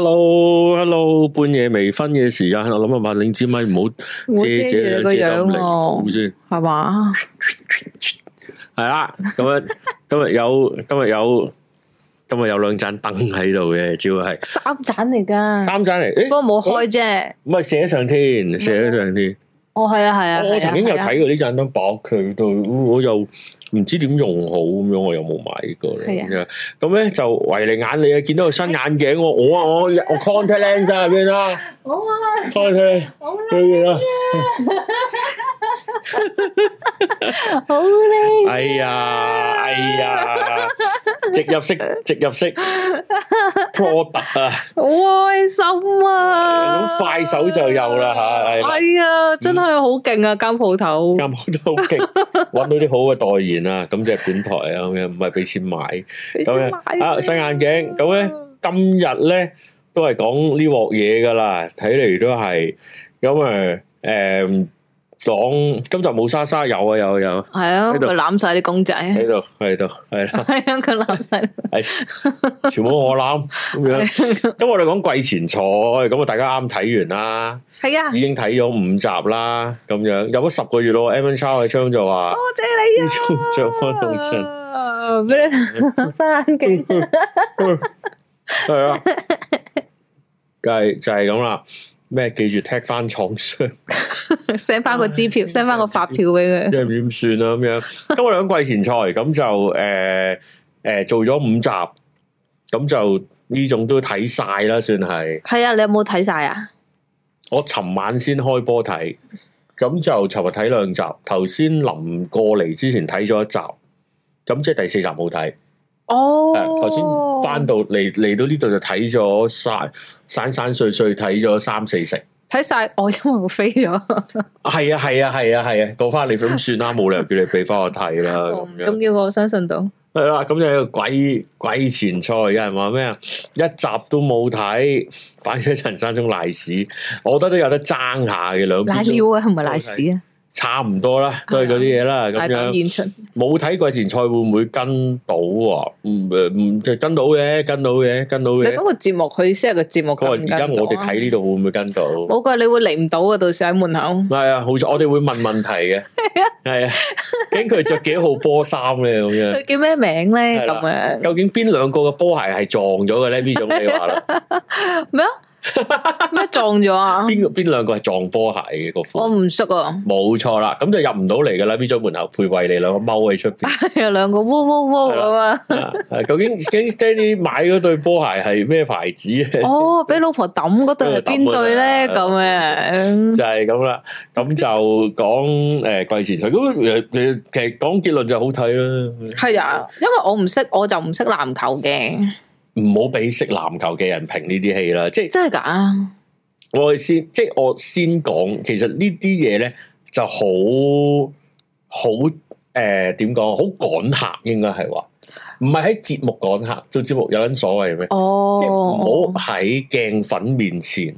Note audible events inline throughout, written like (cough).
hello hello 半夜微醺嘅時間，我諗下話萬令志咪唔好遮遮住個樣咯，係嘛？係啦，咁樣，今日有今日有今日有兩盞燈喺度嘅，主要係三盞嚟噶，三盞嚟，不過冇開啫，唔係射上天，射上天。哦，係啊 false、e observations，係啊，我曾經有睇過呢盞燈，駁佢度，我又……唔知點用好咁樣，我有冇買過咧？咁咧就維你眼你啊，見到個新眼鏡 (laughs) 我我我我 contact lens 啊，邊啦？好啊， (laughs) oh, okay. 開佢花，好啦，好啊。 (laughs) 好靚！哎呀，哎呀，植入式，植入式 product 啊！好開心啊！咁快手就有啦吓，係啊，真係好勁啊！間鋪頭，間鋪頭好勁，搵到啲好嘅代言啊，咁就本台啊咁樣，唔係俾錢買咁啊，細眼鏡咁咧，今日咧都係講呢鑊嘢噶啦，睇嚟都係咁啊，誒。講今集冇莎莎，有啊有有。係啊，佢攬晒啲公仔。喺度喺度係啦。係啊，佢攬晒。全部我攬咁樣。咁我哋講季前賽，咁啊大家啱睇完啦。係、嗯、啊，已經睇咗五集啦，咁樣有咗十個月咯。m a n d a s 喺窗就話：多謝你啊，做乜東窗？唔俾你戴，摘眼鏡。係啦，就係就係咁啦。咩記住踢翻廠商，send 翻個支票，send 翻 (laughs) 個發票俾佢，即係點算啦？咁樣多兩季前賽，咁就誒誒、呃呃、做咗五集，咁就呢種都睇晒啦，算係。係啊，你有冇睇晒啊？我尋晚先開波睇，咁就尋日睇兩集，頭先臨過嚟之前睇咗一集，咁即係第四集冇睇。 (noise) 哦，頭先翻到嚟嚟到呢度就睇咗散散散碎碎睇咗三四成，睇晒，我因為飛咗，係啊係啊係啊係啊，過翻嚟咁算啦，冇、啊啊、理由叫你俾翻我睇啦。咁唔、 (laughs) 啊嗯、重要，我相信到。係啦、嗯，咁就又鬼鬼前菜有人話咩啊？一集都冇睇，反而陳山中賴屎，我覺得都有得爭下嘅兩。賴尿啊，係咪賴屎啊？差唔多啦，都係嗰啲嘢啦，咁樣冇睇季前賽會唔會跟到？唔誒唔即係跟到嘅，跟到嘅，跟到嘅。咁個節目佢先係個節目。佢話而家我哋睇呢度會唔會跟到？我話你會嚟唔到嘅，到時喺門口。係啊，好在我哋會問問題嘅。係啊，究竟佢着幾號波衫咧？咁樣佢叫咩名咧？咁樣究竟邊兩個嘅波鞋係撞咗嘅咧？呢種你話啦咩？乜 (laughs) 撞咗啊？邊個邊兩、嗰個係撞波鞋嘅個我唔識啊。冇錯啦，咁就入唔到嚟噶啦。邊咗門口配位你兩 (laughs) 個踎喺出邊，係兩個窩窩窩啊，吧 (laughs) 啊究竟 Stanley 買嗰對波鞋係咩牌子咧？哦，俾老婆抌嗰對係邊對咧？咁樣就係咁啦。咁就講誒季前賽咁誒，其實講結論就好睇啦。係啊，因為我唔識，我就唔識籃球嘅。 (laughs) 唔好俾識籃球嘅人評呢啲戲啦，即係真係噶。我先，即係我先講，其實呢啲嘢咧，就好好誒，點講好趕客應該係話，唔係喺節目趕客做節目有撚所謂咩？哦，即係唔好喺鏡粉面前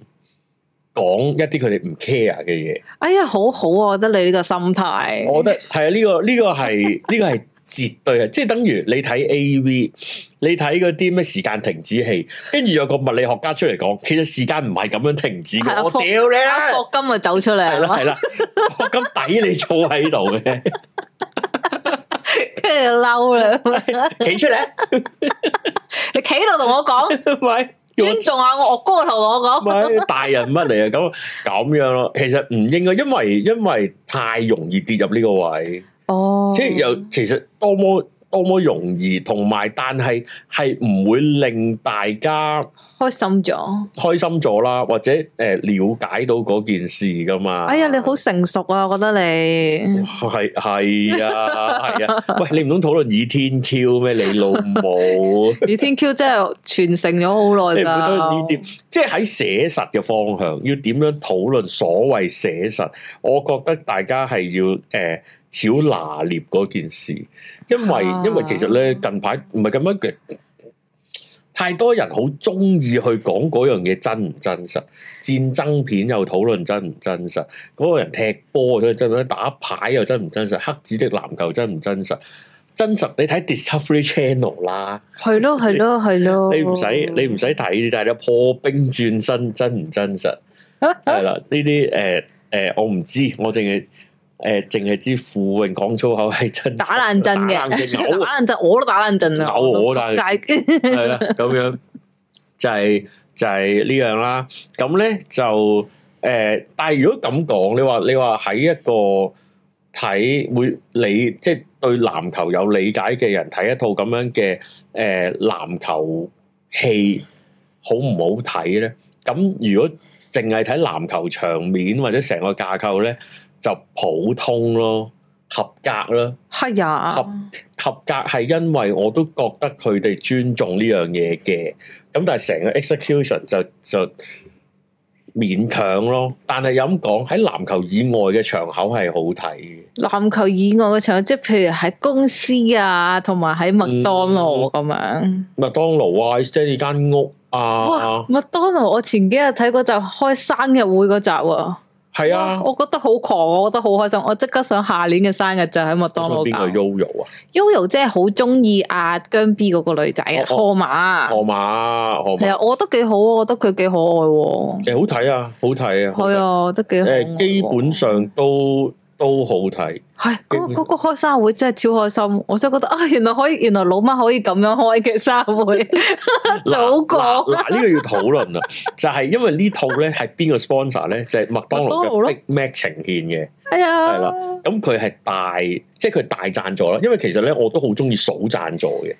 講一啲佢哋唔 care 嘅嘢。哎呀，好好，啊，我覺得你呢個心態，我覺得係啊，呢個呢個係呢個係。 (laughs) 絕對係，即係等於你睇 A V，你睇嗰啲咩時間停止器，跟住有個物理學家出嚟講，其實時間唔係咁樣停止嘅。啊、我屌你啦，霍金啊走出嚟係啦係啦，霍、啊、 (laughs) 金抵你坐喺度嘅，跟住就嬲啦，企出嚟，你企度同我講，咪尊重下我，我岳哥同我講，咪 (laughs) 大人乜嚟啊，咁咁樣咯，其實唔應該，因為因為，因為太容易跌入呢個位。哦，即係又其實多麼多麼容易，同埋但係係唔會令大家開心咗，開心咗啦，或者誒、呃、了解到嗰件事噶嘛？哎呀，你好成熟啊，我覺得你係係啊，係啊， (laughs) 喂，你唔通討論以天 Q 咩？你老母以 (laughs) (laughs) 天 Q 真係傳承咗好耐噶，呢啲即係喺寫實嘅方向要點樣討論所謂寫實？我覺得大家係要誒。呃曉拿捏嗰件事，因為、啊、因為其實咧近排唔係咁樣嘅，太多人好中意去講嗰樣嘢真唔真實。戰爭片又討論真唔真實，嗰、嗰個人踢波真唔真實，打牌又真唔真實，黑子的籃球真唔真實，真實你睇 Discovery Channel 啦，係咯係咯係咯，你唔使你唔使睇，但係咧破冰轉身真唔真實，係啦呢啲誒誒，我唔知，我淨係。誒，淨係、呃、知傅榮講粗口係真打爛陣嘅，打爛陣我都打爛陣啊，咬我，我都但係係啦，咁 (laughs) 樣就係、是、就係、是、呢樣啦。咁咧就誒、呃，但係如果咁講，你話你話喺一個睇會理，即、就、係、是、對籃球有理解嘅人睇一套咁樣嘅誒籃球戲，好唔好睇咧？咁如果淨係睇籃球場面或者成個架構咧？就普通咯，合格咯。係呀，合合格，係因為我都覺得佢哋尊重呢樣嘢嘅。咁但係成個 execution 就就勉強咯。但係有咁講喺籃球以外嘅場口係好睇嘅。籃球以外嘅場，即係譬如喺公司啊，同埋喺麥當勞咁樣，嗯。麥當勞啊，stand 呢間屋啊。哇！麥當勞，我前幾日睇嗰集開生日會嗰集啊。係啊，我覺得好狂，我覺得好開心，我即刻想下年嘅生日就喺麥當勞搞。邊個 Yoyo 啊？Yoyo 即係好中意阿姜 B 嗰個女仔啊，河馬，河馬，河馬，係啊，我覺得幾好啊，我覺得佢幾可愛。誒，好睇啊，好睇啊，係啊，都幾好誒，基本上都。都好睇，係嗰嗰個開生日會真係超開心，我就覺得啊、哦，原來可以，原來老媽可以咁樣開嘅生日會， (laughs) 祖國嗱呢、 (laughs) 啊啊這個要討論啦， (laughs) 就係因為呢套咧係邊個 sponsor 咧，就係麥當勞嘅 Big Mac 呈獻嘅。係啊，係啦，咁佢係大，即係佢大贊助啦，因為其實咧我都好中意數贊助嘅。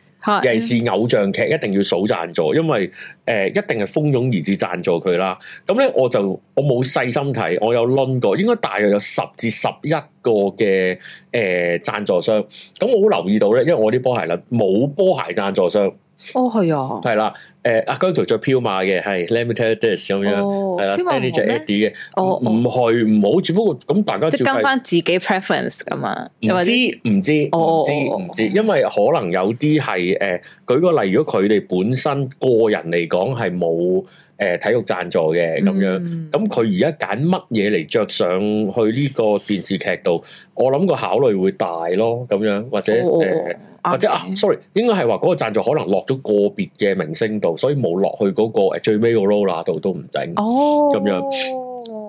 尤其是偶像劇，一定要數贊助，因為誒、呃、一定係蜂擁而至贊助佢啦。咁、嗯、咧，我就我冇細心睇，我有 number，應該大約有十至十一個嘅誒贊助商。咁、嗯、我好留意到咧，因為我啲波鞋啦，冇波鞋贊助商。哦，係、oh, 啊，係啦，誒， (noise) 阿姜濤着彪馬嘅，係 limited this 咁、oh, 樣，係啦，Stanley 着 Adi 嘅，哦，唔係唔好，只不過咁大家即係跟翻自己 preference 㗎嘛，唔知唔知唔、oh, oh, oh. 知唔知，因為可能有啲係誒，舉個例，如果佢哋本身個人嚟講係冇誒體育贊助嘅咁樣，咁佢而家揀乜嘢嚟着上去呢個電視劇度，我諗個考慮會大咯，咁樣或者誒。Oh, oh. 或者即 Okay. 啊，sorry，應該係話嗰個贊助可能落咗個別嘅明星度，所以冇落去嗰、嗰個最尾個 roller 度都唔頂。哦，咁樣。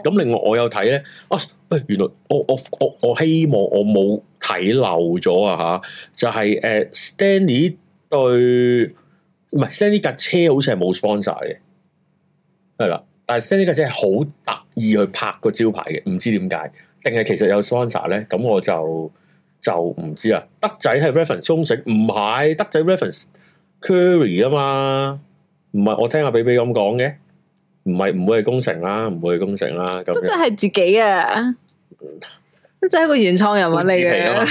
咁另外我有睇咧，哦、啊，原來我我我我希望我冇睇漏咗啊嚇，就係、係、誒、呃、Stanley 對唔係 Stanley 架車好似係冇 sponsor 嘅，係啦，但係 Stanley 架車係好特意去拍個招牌嘅，唔知點解，定係其實有 sponsor 咧？咁我就。就唔知啊，德仔係 reference 宮城，唔係德仔 reference Curry 啊嘛，唔係我聽阿比比咁講嘅，唔係唔會係宮城啦，唔會係宮城啦，咁樣，真係自己啊，嗯、都真係一個原創人物嚟嘅，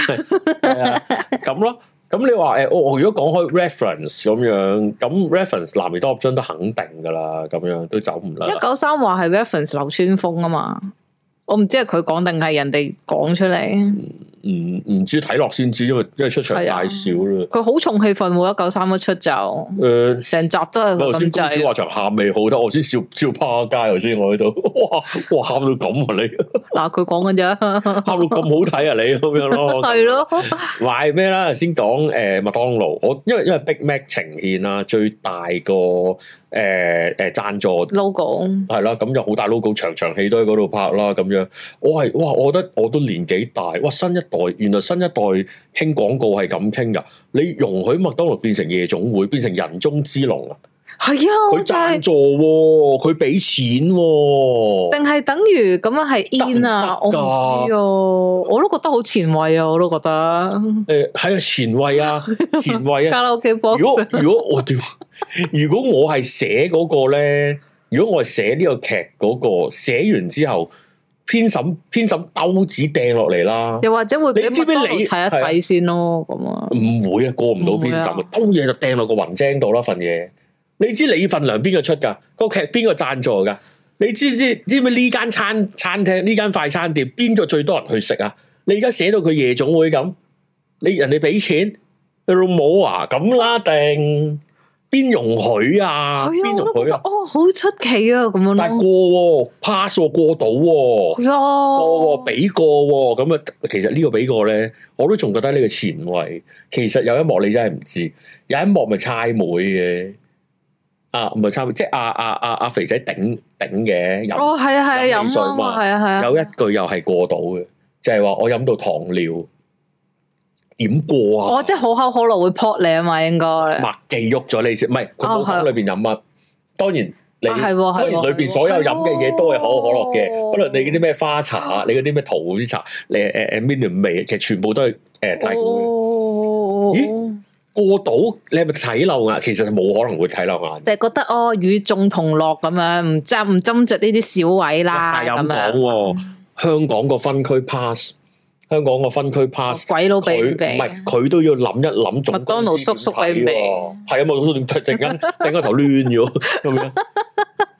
咁咯，咁你話誒，我、哦、如果講開 reference 咁樣，咁 reference 男兒當入樽都肯定噶啦，咁樣都走唔甩，一九三話係 reference 流川楓啊嘛。我唔知係佢講定係人哋講出嚟，唔唔、嗯、知睇落先知，因為因為出場太少啦。佢好、啊、重氣氛，一九三一出就誒，成、呃、集都係咁濟。先話場喊未好得，我先笑笑趴街先。我喺度，哇哇喊到咁啊你。嗱佢講緊啫，喊 (laughs) 到咁好睇啊你咁樣咯，係 (laughs) 咯、 (laughs) 啊。賣咩啦？先講誒、呃、麥當勞，我因為因為 Big Mac 呈獻啊，最大個誒誒贊助 logo 係啦，咁就好大 logo，場場戲都喺嗰度拍啦，咁樣。我係哇，我覺得我都年紀大，哇！新一代原來新一代傾廣告係咁傾噶，你容許麥當勞變成夜總會，變成人中之龍啊？係啊，佢贊助，佢俾錢、啊，定係等於咁樣係 in 啊？啊我唔知哦、啊，啊、我都覺得好前衛啊！我都覺得誒、啊，係、欸、啊，前衛啊，前衛啊！卡拉 OK box，如果如果我屌，如果我係寫嗰個咧，如果我係寫呢個劇嗰、那個，寫完之後。編審編審，兜紙掟落嚟啦。又或者會你知唔知嚟睇一睇先咯？咁啊，唔樣會啊，過唔、啊、到編審，兜嘢就掟落個云蒸度啦份嘢。你知你份糧邊個出噶？那個劇邊個贊助噶？你知唔知？知唔知呢間餐餐廳？呢間快餐店邊個最多人去食啊？你而家寫到佢夜總會咁，你人哋俾錢，你老母啊，咁啦定。邊容許啊？邊的容許啊？哦，好出奇啊！咁樣咯，但係過 pass 過到，係啊，過俾過咁啊。其實呢個俾過咧，我都仲覺得呢個前衛。其實有一幕你真係唔知，有一幕咪差妹嘅啊，唔係差妹，即係阿阿阿阿肥仔頂頂嘅飲，係啊係啊，飲啊、哦、嘛，係啊係啊，有一句又係過到嘅，就係、是、話我飲到糖尿。點過啊！我、哦、即係可口可樂會撲你啊嘛，應該麥記喐咗你先，唔係佢鋪裏邊飲啊。當然你係，啊啊啊、當然裏邊所有飲嘅嘢都係可口可樂嘅，啊啊啊、不論你嗰啲咩花茶，你嗰啲咩桃子茶，你誒誒誒，咩、啊啊、味，其實全部都係誒太古嘅。啊哦、咦？過到你係咪睇漏啊？其實冇可能會睇漏眼，就係覺得哦與眾同樂咁樣，唔斟唔斟着呢啲小位啦。咁講、啊，嗯、香港個分區 pass。香港個分區 pass，鬼佬俾命，唔係佢都要諗一諗總公司當老叔叔喺喎。係啊，麥當勞叔叔點突然間整個頭亂咗？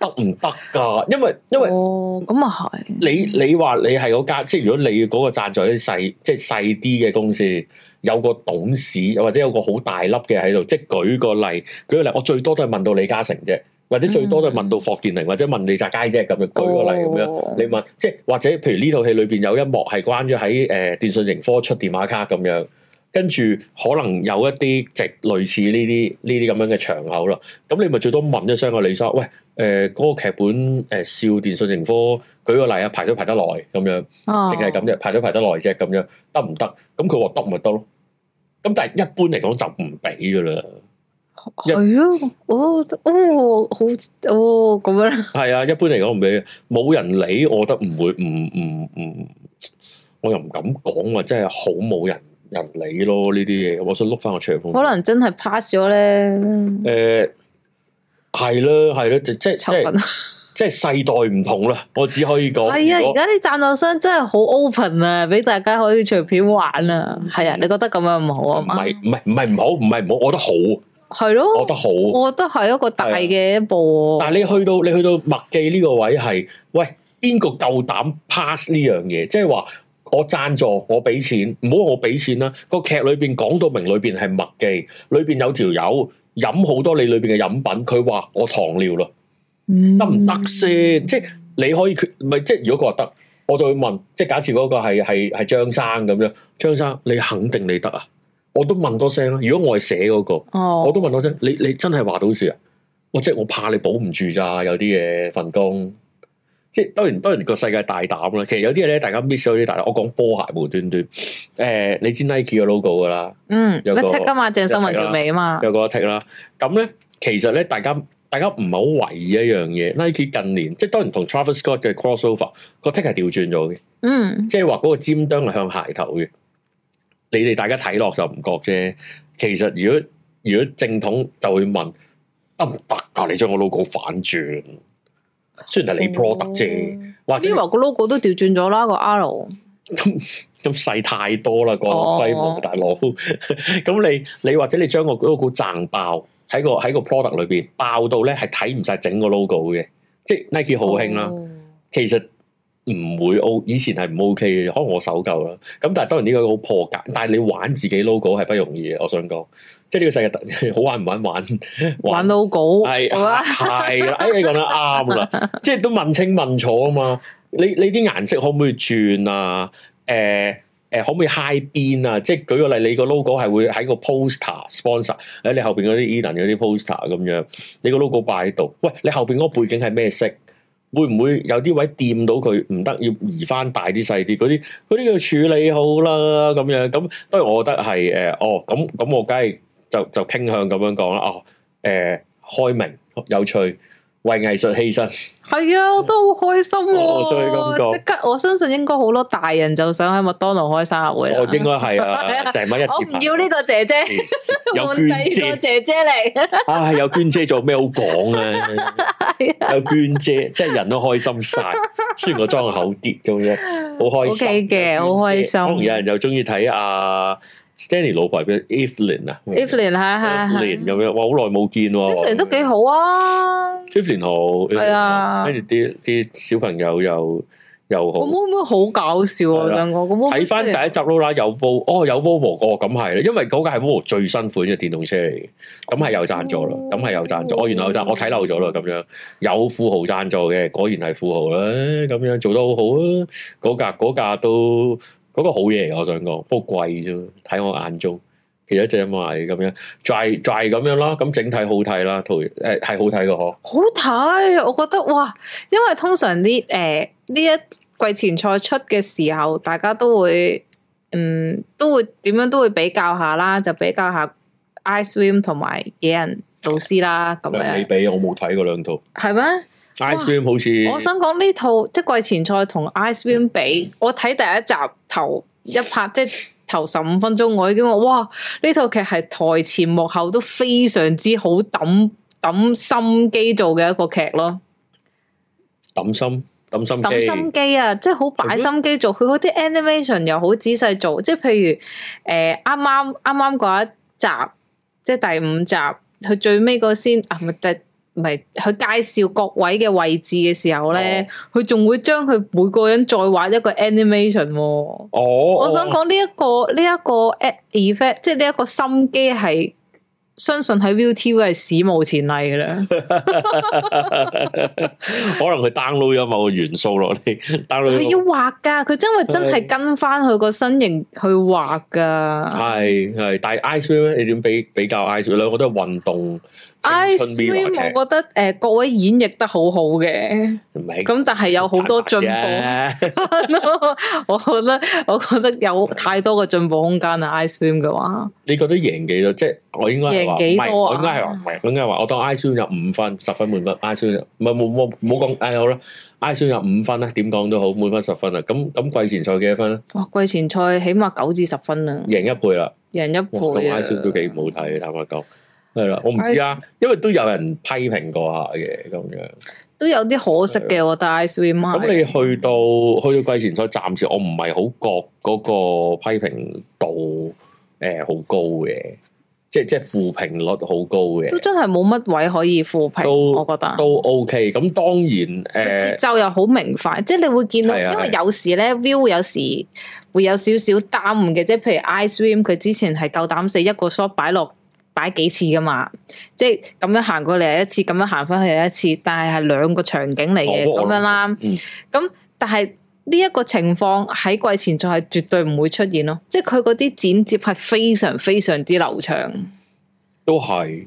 得唔得㗎？因為因為咁啊係。你你話你係嗰間，即係如果你嗰個贊助啲細，即係細啲嘅公司，有個董事又或者有個好大粒嘅喺度，即係舉個例，舉個例，我最多都係問到李嘉誠啫。或者最多都問到霍建寧或者問李澤楷啫，咁樣舉個例咁樣，哦、你問即係或者譬如呢套戲裏邊有一幕係關於喺誒電訊盈科出電話卡咁樣，跟住可能有一啲直係類似呢啲呢啲咁樣嘅場口咯。咁你咪最多問一聲個李生，喂誒嗰、呃那個劇本誒、呃、笑電訊盈科，舉個例啊，排都排得耐咁樣，淨係咁啫，排都排得耐啫，咁樣得唔得？咁佢話得咪得咯。咁、嗯嗯、但係一般嚟講就唔俾噶啦。係咯，哦哦，好哦咁樣。係啊，一般嚟講唔俾，冇人理，我覺得唔會，唔唔唔，我又唔敢講話，真係好冇人人理咯呢啲嘢。我想碌翻個長風，可能真係 pass 咗咧。誒，係啦，係啦，即係即係即係世代唔同啦。我只可以講，係啊，而家啲贊助商真係好 open 啊，俾大家可以隨便玩啊。係啊，你覺得咁樣唔好啊？唔係唔係唔係唔好，唔係唔好，我覺得好。係咯，我覺得好，我覺得係一個大嘅一步。但係你去到你去到麥記呢個位係，喂，邊個夠膽 pass 呢樣嘢？即係話我贊助，我俾錢，唔好話我俾錢啦。那個劇裏邊講到明，裏邊係麥記，裏邊有條友飲好多你裏邊嘅飲品，佢話我糖尿咯。得唔得先？即係你可以決，唔係即係如果佢話得，我就會問，即係假設嗰個係係係張生咁樣，張生你肯定你得啊？我都問多聲啦，如果我係寫嗰個，哦、我都問多聲，你你真係話到事啊？我即係我怕你保唔住咋，有啲嘢，份工，即係當然當然個世界大膽啦。其實有啲嘢咧，大家 miss 咗啲，但係我講波鞋無端端，誒、呃，你知 Nike 嘅 logo 噶啦，嗯，有個剔、嗯、嘛，鄭新聞條尾嘛，有個剔啦。咁咧，其實咧，大家大家唔係好懷疑一樣嘢，Nike 近年即係當然同 Travis Scott 嘅 crossover 個剔係調轉咗嘅，嗯，即係話嗰個尖端係向鞋頭嘅。你哋大家睇落就唔覺啫，其實如果如果正統就會問得唔得噶？啊、你將個 logo 反轉，雖然係你 product 啫，嗯、或者話個 logo 都調轉咗啦個 R、 (laughs) 嗯。咁咁細太多啦，個規模大佬。咁你你或者你將個 logo 掟爆喺個喺個 product 裏邊爆到咧，係睇唔晒整個 logo 嘅。即係 Nike 好興啦，嗯、其實。唔會 O，以前係唔 OK 嘅，可能我守舊啦。咁但係當然呢個好破格，但係你玩自己 logo 係不容易嘅。我想講，即係呢個世界 (laughs) 好玩唔玩玩玩 logo 係係啊！哎，你講得啱啦，即係都問清問楚啊嘛。你你啲顏色可唔可以轉啊？誒、呃、誒、呃，可唔可以 high 邊啊？即係舉個例，你 logo 個 logo 係會喺個 poster sponsor 喺、哎、你後邊嗰啲 Edan 嗰啲 poster 咁樣，你個 logo 擺喺度，喂，你後邊嗰個背景係咩色？會唔會有啲位掂到佢唔得，要移翻大啲細啲嗰啲，嗰啲要處理好啦咁樣。咁當然我覺得係誒、呃，哦咁咁我梗係就就傾向咁樣講啦。哦誒、呃，開明有趣。為藝術犧牲，係啊，我都好開心，啊。我做咁多，即刻我相信應該好多大人就想喺麥當勞開生日會我哦，應該係啊，成 (laughs) 晚一次唔要呢個姐姐， (laughs) 有娟姐 (laughs) 娟姐嚟。啊，有娟姐做咩好講啊？ (laughs) 的有娟姐，即係人都開心晒， (laughs) 雖然我妝口啲咁樣，好開心。O、okay、嘅的，好開心。有人就中意睇啊。Stanley 老婆叫 Evelyn 啊，Evelyn 係係係咁樣，哇好耐冇見喎。Evelyn 都幾好啊，Evelyn 好係啊，跟住啲啲小朋友又又好。咁會唔會好搞笑啊兩個？咁睇翻第一集 Lola 有 Volvo 哦，有 Volvo 個咁係，因為嗰架係富豪最新款嘅電動車嚟，咁係有贊助啦，咁係有贊助。哦，原來就我睇漏咗啦，咁樣有富豪贊助嘅，果然係富豪啦，咁樣做得好好啊，嗰架嗰架都。嗰個好嘢嚟，我想講，不過貴啫。睇我眼中，其實隻馬係咁樣 d r 咁樣啦。咁整體好睇啦，同誒係好睇噶嗬。好睇，我覺得哇，因為通常啲誒呢一季前賽出嘅時候，大家都會嗯都會點樣都會比較下啦，就比較下 I Swim 同埋野人導師啦咁樣。你比我冇睇過兩套，係咩？iSwim 好似，哇我想講呢套即季前賽同 iSwim 比，嗯、我睇第一集頭一拍 (laughs) 即頭十五分鐘，我已經覺得哇呢套劇係台前幕後都非常之好抌抌心機做嘅一個劇咯。抌心抌心抌心機啊！即好擺心機做，佢嗰啲嗎 animation 又好仔細做，即譬如誒啱啱啱啱嗰一集，即第五集，佢最尾嗰先啊咪第。唔係佢介紹各位嘅位置嘅時候咧，佢仲，哦、會將佢每個人再畫一個 animation。哦，哦哦我想講呢一個呢一，呢個 effect，即係呢一個心機係。相信喺 ViuTV 係史無前例嘅啦，可能佢 download 咗某個元素落嚟，download。佢 (laughs) (laughs) 要畫噶，佢真係真係跟翻佢個身形去畫噶。係係，但係 iSwim 你點比比較 iSwim？兩個都係運動。iSwim 我覺得誒、呃，各位演繹得好好嘅，咁是但係有好多進步。 (laughs) (laughs) no，我覺得，我覺得有太多嘅進步空間啦。iSwim 嘅話，你覺得贏幾多？即係我應該。幾多啊？應該係話，應該話，我當 iSwim 入五分、十分，分、滿分，iSwim 入，唔係冇冇冇講，誒、哎、好啦，iSwim 入五分啦，點講都好，滿分十分啦。咁咁季前賽幾多分咧？哇，季前賽起碼九至十分啦。贏一倍啦，贏一倍啊！iSwim 都幾唔好睇，坦白講，係啦，我唔知啊，I 因為都有人批評過下嘅，咁樣都有啲可惜嘅。了我但係 iSwim 咁，你去到去到季前賽，暫時我唔係好覺嗰個批評度誒好高嘅。即係即係負評率好高嘅，都真係冇乜位可以負評，都我覺得都 OK。咁當然，誒節奏又好明快，呃、即係你會見到，的因為有時咧的 view 有時,有時會有少少耽誤嘅，即係譬如 iSwim，佢之前係夠膽死一個 shot 擺落擺幾次噶嘛，即係咁樣行過嚟一次，咁樣行翻去係一次，但係係兩個場景嚟嘅咁樣啦。咁但係。呢一個情況喺季前賽係絕對唔會出現咯，即係佢嗰啲剪接係非常非常之流暢，都係，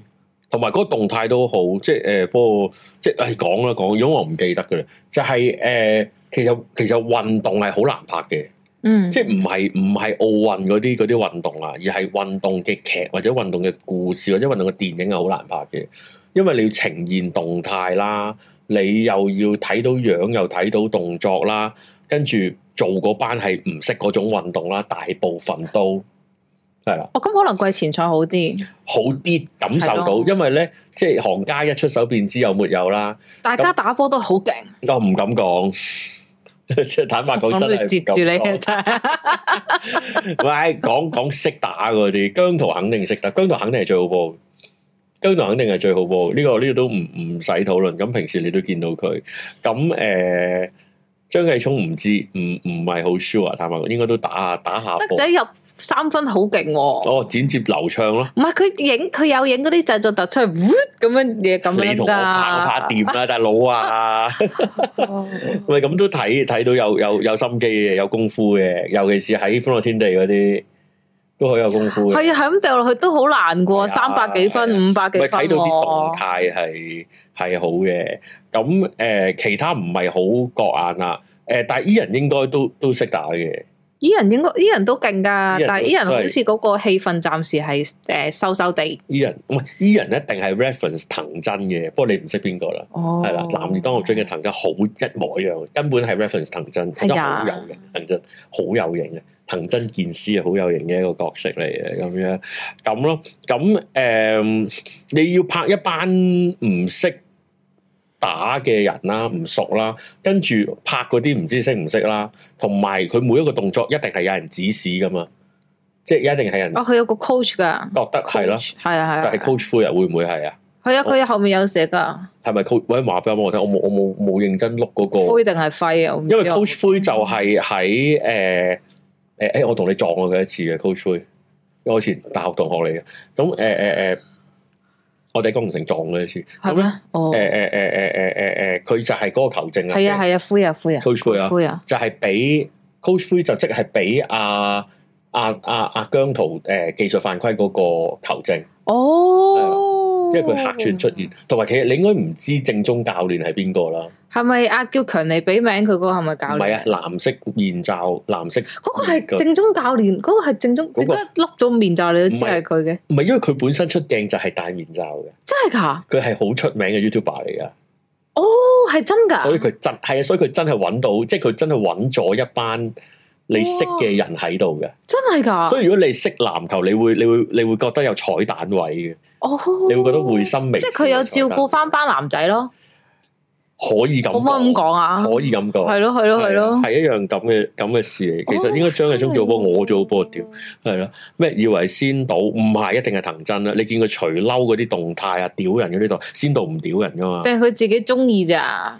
同埋個動態都好，即係誒，不過、呃，即係、哎、講啦講，如果我唔記得嘅咧，就係、是、誒、呃，其實其實運動係好難拍嘅，嗯，即係唔係唔係奧運嗰啲嗰啲運動啊，而係運動嘅劇或者運動嘅故事或者運動嘅電影係好難拍嘅，因為你要呈現動態啦，你又要睇到樣又睇到動作啦。跟住做嗰班係唔識嗰種運動啦，大部分都係啦。哦，咁可能季前賽好啲，好啲感受到，的因為咧，即係行家一出手便知有沒有啦。大家、嗯、打波都好勁，我唔敢講，即係坦白講真係。接住你啊！唔係講講識打嗰啲姜濤肯定識，但姜濤肯定係最好波，姜濤肯定係最好波。呢、這個呢、這個這個都唔唔使討論。咁平時你都見到佢咁誒。張繼聰唔知，唔唔係好 sure 坦白講，應該都打下打下。得仔入三分好勁，哦，哦，剪接流暢咯。唔係佢影，佢有影嗰啲製作突出嚟，咁樣嘢咁樣。樣你同我拍，我拍掂啊， (laughs) 大佬哥啊！咪 (laughs) 咁 (laughs) (laughs) 都睇睇到有有有，有心機嘅，有功夫嘅，尤其是喺歡樂天地嗰啲。都好有功夫嘅，係啊，係咁掉落去都好難過，的三百幾分、五百幾分，睇到啲動態係係好嘅。咁誒、呃，其他唔係好覺眼啦。誒、呃，但係 Ian 應該都都識打嘅。依人應該依人都勁噶，Ian，但係依人好似嗰個氣氛暫時係誒收收地。依人唔係依人一定係 reference 藤真嘅，不過你唔識邊個啦，係啦、oh。男兒當入樽嘅藤真好一模一樣，根本係 reference 藤真，睇得好有型，藤呀真好有型嘅，藤真健司啊好有型嘅一個角色嚟嘅咁樣咁咯。咁誒、嗯，你要拍一班唔識。打嘅人啦，唔熟啦，跟住拍嗰啲唔知識唔識啦，同埋佢每一個動作一定係有人指使噶嘛，即係一定係人。哦，佢有個 co coach 噶 co，覺得係咯，係啊係啊，就係 coach 灰啊，會唔會係啊？係啊，佢後面有寫噶。係咪 coach 我喺我冇我冇冇認真碌嗰、那個灰定係廢啊？因為 coach 灰就係喺誒誒誒，我同你撞過佢一次嘅、嗯、coach 灰，因為以前大學同學嚟嘅。咁誒誒誒。呃呃呃我哋工程撞嘅事，係咩？哦，誒誒誒誒誒誒誒，佢就係嗰個球證啊！係啊係啊，灰啊灰啊 Coach 灰啊灰啊，就係俾 Coach 灰就即係俾阿阿阿阿姜濤誒技術犯規嗰個球證哦。因為佢客串出現，同埋其實你應該唔知正宗教練係邊個啦。係咪阿叫強尼俾名佢嗰個係咪教練？唔係啊，藍色面罩，藍色嗰個係正宗教練，嗰、嗰個係正宗，只不過碌咗面罩你都知係佢嘅。唔係，因為佢本身出鏡就係戴面罩嘅。真係噶？佢係好出名嘅 YouTuber 嚟噶。哦，係真噶。所以佢真係啊，所以佢真係揾到，即係佢真係揾咗一班。你識嘅人喺度嘅，真係噶。所以如果你識籃球，你會你會你會，你會覺得有彩蛋位嘅。哦，oh, 你會覺得會心明。即係佢有照顧翻班男仔咯。可以咁，可唔可以咁講啊？可以咁講，係咯係咯係咯，係一樣咁嘅咁嘅事嚟。其實應該張繼聰做波，oh, 我做波屌，係咯真是。咩、啊、以為仙道唔係一定係藤真啊！你見佢除褸嗰啲動態啊，屌、啊、人嗰啲度，仙道唔屌人噶嘛？定係佢自己中意咋。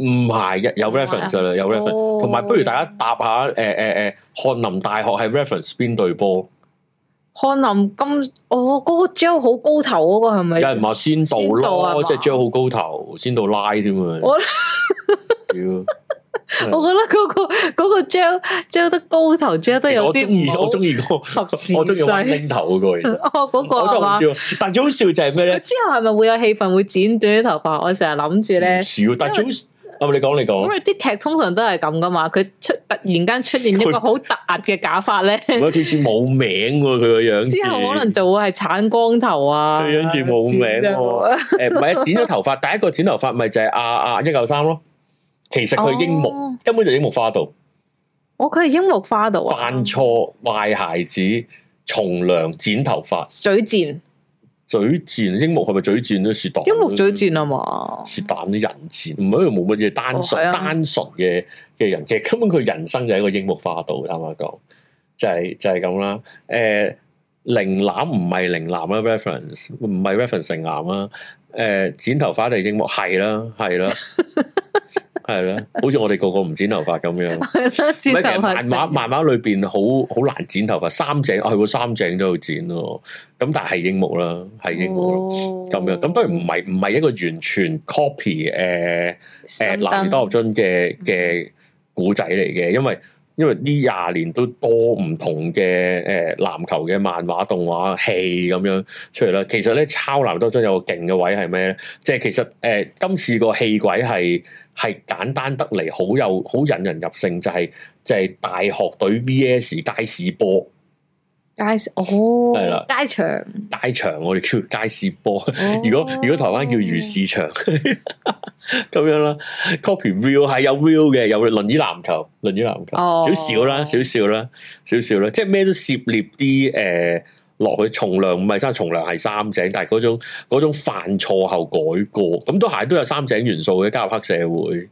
唔係呀，有 reference 啦，有 reference。同埋，不如大家答下，誒誒誒，漢林大學係 reference 邊隊波？漢林咁，哦，嗰個張好高頭嗰個係咪？有人話先到咯，即係張好高頭，先到拉添啊！我，屌！我覺得嗰個嗰個張張得高頭，張得有啲唔，我中意個，我中意玩拎頭嗰個。哦，嗰個我就唔知。但係最好笑就係咩咧？之後係咪會有氣氛會剪短啲頭髮？我成日諗住咧，少。但係，咁、啊、你講你講，咁啊啲劇通常都係咁噶嘛？佢出突然間出現一個好突兀嘅假髮咧，佢好似冇名喎，佢個樣，之後可能就會係鏟光頭啊，佢樣似冇名喎、啊。誒掉，唔 (laughs) 係剪咗頭髮，第一個剪頭髮咪就係阿阿一九三咯。其實佢櫻木、哦、根本就櫻木花道，哦，佢係櫻木花道、啊、犯錯壞孩子，從良剪頭髮，嘴賤。嘴賤，櫻木係咪嘴賤咧？舌彈，櫻木嘴賤啊嘛！舌彈啲人賤，唔係因為冇乜嘢單純，哦啊、單純嘅嘅人，其實根本佢人生就係一個櫻木花道坦白講，就係、是、就係咁啦。誒、呃，凌藍唔係凌藍啊，reference 唔係 reference 凌藍啊。誒、呃，剪頭髮定櫻木係啦，係啦。 (laughs) 係啦，好似我哋個個唔剪頭髮咁樣，唔係其實漫畫漫畫裏邊好好難剪頭髮，三井去喎，三井、啊、三井都要剪咯。咁但係係櫻木啦，係櫻木咯咁樣，咁當然唔係唔係一個完全 copy 誒誒南條愛津嘅嘅古仔嚟嘅，因為。因為呢廿年都多唔同嘅、誒籃球嘅漫畫動畫、戲咁樣出嚟啦，其實咧抄籃多張有個勁嘅位係咩咧？即係其實誒、呃、今次個戲鬼係係簡單得嚟，好有好引人入勝，就係就係大學隊 V.S. 街市波。街市哦，係、oh, 啦了，街場，街場我哋叫街市波。Oh. 如果如果台灣叫魚市場咁 (laughs) 樣啦吧、oh.，Copy View 係有 View 嘅，有輪椅籃球，輪椅籃球、oh. 少少啦，少少啦，少少啦，即係咩都涉獵啲誒落去。重量，唔係生重量，係三井，但係嗰種嗰種犯錯後改過，咁都係都有三井元素嘅加入黑社會。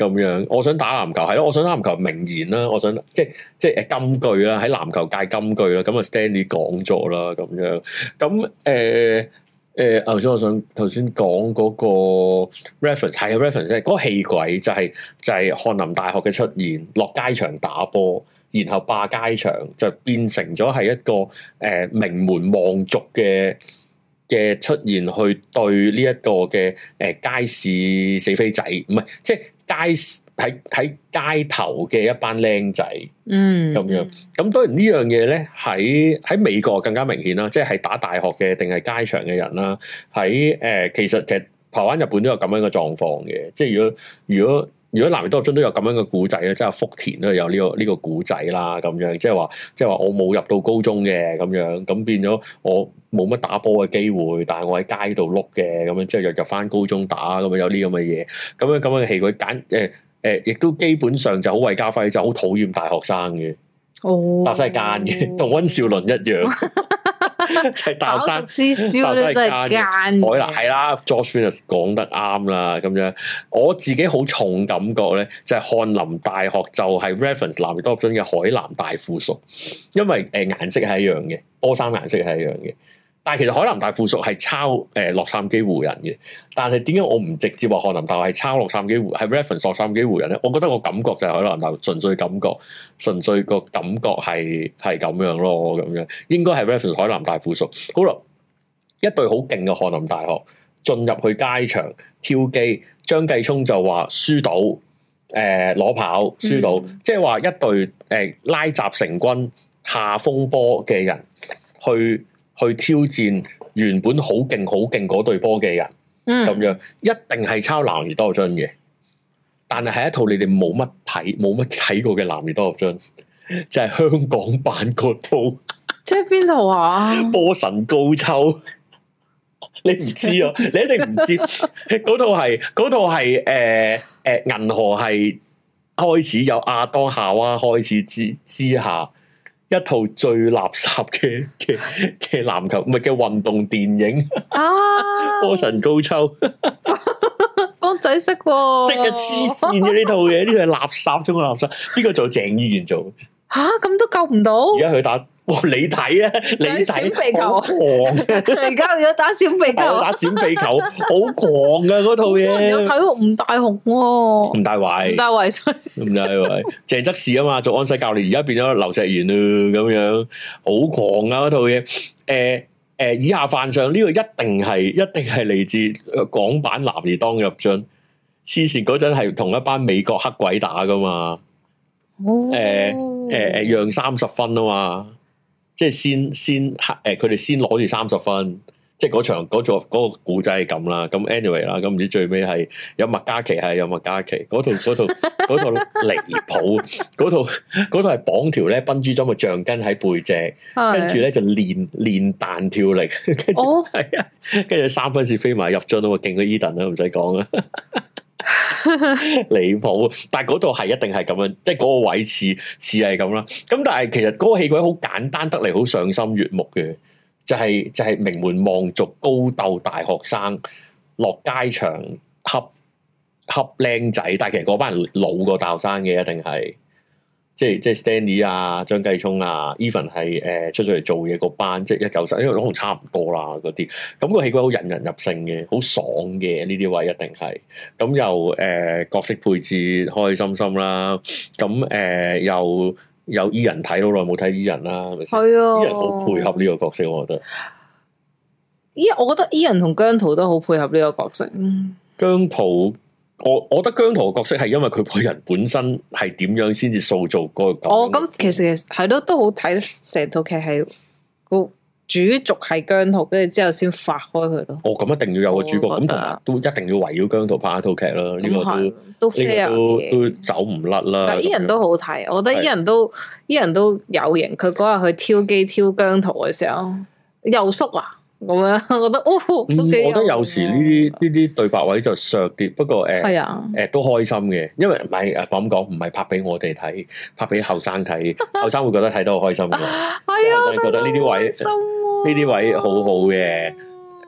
咁樣，我想打籃球係咯，我想打籃球名言啦，我想即即誒金句啦，喺籃球界金句啦，咁啊 Stanley 講咗啦，咁樣，咁誒誒頭先我想頭先講嗰個 reference 係 reference 即係嗰個氣鬼就係、是、就係、是、漢林大學嘅出現落街場打波，然後霸街場就變成咗係一個誒、呃、名門望族嘅。嘅出現去對呢一個嘅誒、呃、街市死飛仔，唔係即係街喺喺街頭嘅一班靚仔，嗯，咁樣。咁當然呢樣嘢咧，喺喺美國更加明顯啦，即係打大學嘅定係街場嘅人啦。喺誒、呃，其實其實台灣日本都有咁樣嘅狀況嘅，即係如果如果。如果如果南越多津都有咁樣嘅古仔咧，即係福田都有呢、呢個呢、呢個古仔啦，咁樣即係話，即係話我冇入到高中嘅，咁樣咁變咗我冇乜打波嘅機會，但係我喺街度碌嘅，咁樣之後入翻高中打，咁有啲咁嘅嘢，咁樣咁樣嘅戲，佢揀誒誒，亦、呃呃、都基本上就好，韋家輝就好討厭大學生嘅，大生係奸嘅，同温、oh. 兆倫一樣。 (laughs) 係 (laughs) 大學生，真係 (laughs) 好奸嘢。 (noise) 海南係啦，Josh Venus 講得啱啦，咁樣我自己好重感覺咧，就係翰林大學就係 reference 南越多俊嘅海南大附屬，因為誒顏色係一樣嘅，波衫顏色係一樣嘅。但係其實海南大附屬係抄誒、呃、洛杉磯湖人嘅，但係點解我唔直接話海南大學係抄洛杉磯湖係 reference 洛杉磯湖人咧？我覺得我感覺就係海南大學純粹感覺，純粹個感覺係係咁樣咯，咁樣應該係 reference 海南大附屬。好啦，一隊好勁嘅海南大學進入去街場跳機，張繼聰就話輸到誒、攞、呃、跑，輸到、嗯、即係話一隊誒、呃、拉雜成軍下風波嘅人去。去挑戰原本好勁好勁嗰隊波嘅人，咁、嗯、樣一定係抄南粵多章嘅，但係係一套你哋冇乜睇冇乜睇過嘅南粵多章，就係、是、香港版嗰套，即係邊套啊？ (laughs) 波神高秋，》 (laughs) 你唔知啊？ (laughs) 你一定唔知嗰套係嗰套係誒誒銀河系開始有亞當夏娃開始之之下，一套最垃圾嘅嘅嘅籃球唔係嘅運動電影啊， (laughs) 波神高秋 (laughs) (laughs) 光仔色識喎、啊，識一黐線嘅呢套嘢，呢套係垃圾，中嘅垃圾，呢、這個做鄭伊健做，吓咁都救唔到，而家佢打。你睇啊，你睇好狂嘅，而家變咗打閃避球，打閃避球好狂啊！嗰套嘢，睇個吳大雄，吳大偉，吳大偉，吳大偉鄭則仕啊嘛，做安西教練而家變咗劉錫賢啊，咁樣好狂啊！嗰套嘢，誒誒，以下犯上呢個一定係一定係嚟自港版男兒當入樽黐線嗰陣係同一班美國黑鬼打噶嘛，誒誒誒，讓三十分啊嘛。即係先先黑誒，佢哋先攞住三十分，即係嗰場嗰、嗰個故仔係咁啦。咁 anyway 啦，咁唔知最尾係有麥嘉琪係有麥嘉琪嗰套嗰套嗰 (laughs) 套離譜，嗰套嗰 (laughs) (laughs) 套係綁條咧賓珠裝嘅橡筋喺背脊，跟住咧就練練彈跳力，跟住係啊，跟住、oh? (laughs) 三分線飛埋入樽啊，勁過伊頓啦，唔使講啦。離譜， (laughs) 但係嗰度係一定係咁樣，即係嗰個位似似係咁啦。咁但係其實嗰個戲鬼好簡單得嚟，好賞心悅目嘅，就係、是、就係、是、名門望族高斗大學生落街場恰恰靚仔，但係其實嗰班人老過大學生嘅一定係。即係即係 Stanley 啊，張繼聰啊 Evan 係誒出咗嚟做嘢個班，即係一就晒，因為攏差唔多啦嗰啲。咁、嗰個戲骨好引人入勝嘅，好爽嘅呢啲位一定係。咁又誒、呃、角色配置開心心啦。咁誒、呃、又有 Ian 睇好耐冇睇 Ian 啦，係啊，Ian 好配合呢個角色，我覺得。依，我覺得 Ian 同姜濤都好配合呢個角色。姜濤。我我覺得姜濤嘅角色係因為佢個人本身係點樣先至塑造個角角。哦，咁其實係咯，都好睇成套劇係個主軸係姜濤，跟住之後先發開佢咯。哦，咁一定要有個主角，咁同埋都一定要圍繞姜濤拍一套劇啦。呢是個都呢都 fair 個都都走唔甩啦。但呢人都好睇，我覺得呢人都呢是的 人都有型。佢嗰日去挑機挑姜濤嘅時候，又縮啊！咁啊，樣我覺得哦、嗯，我覺得有時呢啲呢啲對白位就削啲，不過誒，係啊，誒、欸、都開心嘅，因為唔係啊咁講，唔係拍俾我哋睇，拍俾後生睇，後生 (laughs) 會覺得睇得好開心嘅，所以、 (laughs) 哎、呀覺得呢啲位呢啲、啊、位好好嘅。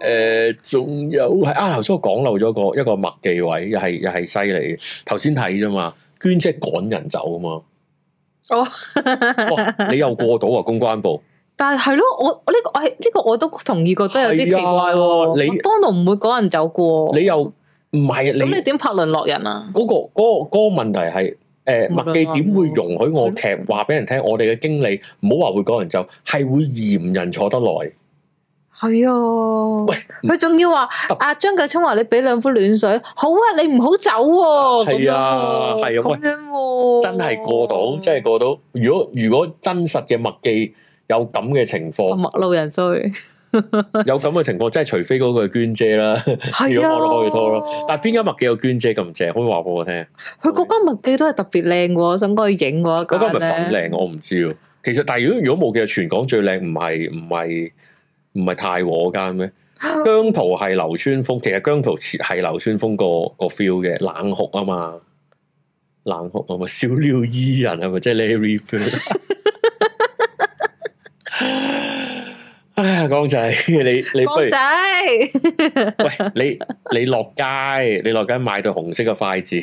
誒、呃，仲有係啊，頭先我講漏咗個一個麥記位，又係又係犀利，頭先睇啫嘛，捐車趕人走啊嘛， (laughs) 哦，你又過到啊，公關部。但係係咯，我我呢個，我係呢個，我都同意，覺得有啲奇怪。你當奴唔會趕人走嘅，你又唔係，你你點拍淪落人啊？嗰個嗰個嗰個問題係誒，麥記點會容許我劇話俾人聽我哋嘅經理唔好話會趕人走，係會嫌人坐得耐。係啊，喂，佢仲要話阿張繼聰話你俾兩杯暖水，好啊，你唔好走。係啊，係啊，喂，真係過到，真係過到。如果如果真實嘅麥記。有咁嘅情況，陌路人追 (laughs) 有咁嘅情況，即係除非嗰個係娟姐啦，啊、 (laughs) 如果我都可以拖咯。但係邊間麥記有娟姐咁正？可以話俾我聽？佢嗰間麥記都係特別靚嘅，想過去影。嗰間係粉靚，我唔知。其實，但係如果如果冇記，全港最靚唔係唔係唔係太和嗰間咩？ (laughs) 姜濤係劉川峰，其實姜濤似係劉川峰個個 feel 嘅冷酷啊嘛，冷酷啊嘛，小鳥依人係咪即係 Larry feel？ (laughs) (laughs) 江仔，你你不如仔，喂你你落街，你落街買對紅色嘅筷子，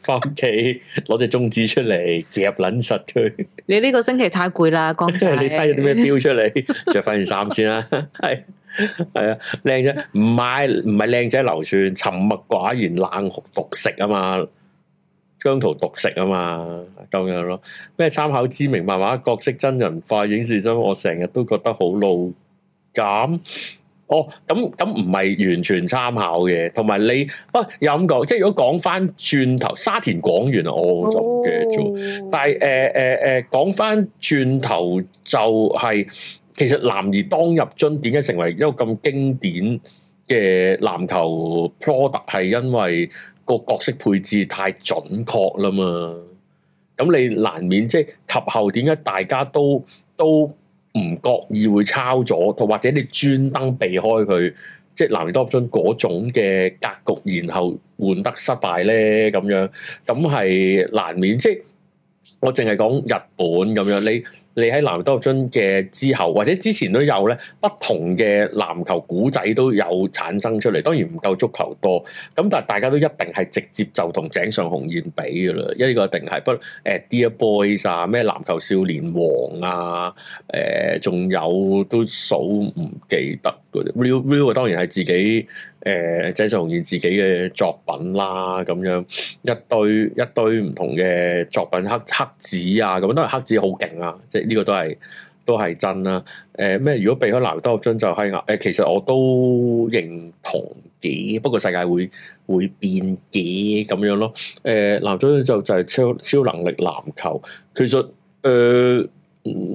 翻屋企攞隻中指出嚟夾撚實佢。你呢個星期太攰啦，江仔。你睇下啲咩標出嚟，着翻件衫先啦。係係啊，靚仔，唔買唔係靚仔流串，沉默寡言，冷酷毒食啊嘛，姜濤毒食啊嘛，咁樣咯。咩參考知名漫畫角色真人化影視中，我成日都覺得好老。咁，哦，咁咁唔係完全參考嘅，同埋你，不又咁講，即係如果講翻轉頭，沙田廣園我就唔記得咗，哦、但係誒誒誒，講翻轉頭就係、是，其實男兒當入樽點解成為一個咁經典嘅籃球 plot 係因為個角色配置太準確啦嘛，咁你難免即及後點解大家都都？唔覺意會抄咗，同或者你專登避開佢，即係南面多樽嗰種嘅格局，然後換得失敗咧咁樣，咁係難免。即係我淨係講日本咁樣你。你喺南多樽嘅之後，或者之前都有咧，不同嘅籃球古仔都有產生出嚟。當然唔夠足球多，咁但係大家都一定係直接就同井上雄彥比㗎啦。因為呢個一定係不誒 Dear Boys 啊，咩籃球少年王啊，誒、呃、仲有都數唔記得嗰啲。Rio Rio 當然係自己。誒製造完自己嘅作品啦，咁樣一堆一堆唔同嘅作品黑黑子啊，咁都係黑子好勁啊！即係呢個都係都係真啦、啊。誒、呃、咩？如果避開南刀津就係、是、誒、呃，其實我都認同嘅。不過世界會會變嘅咁樣咯。誒、呃，南刀津就就係超超能力籃球。其實誒。呃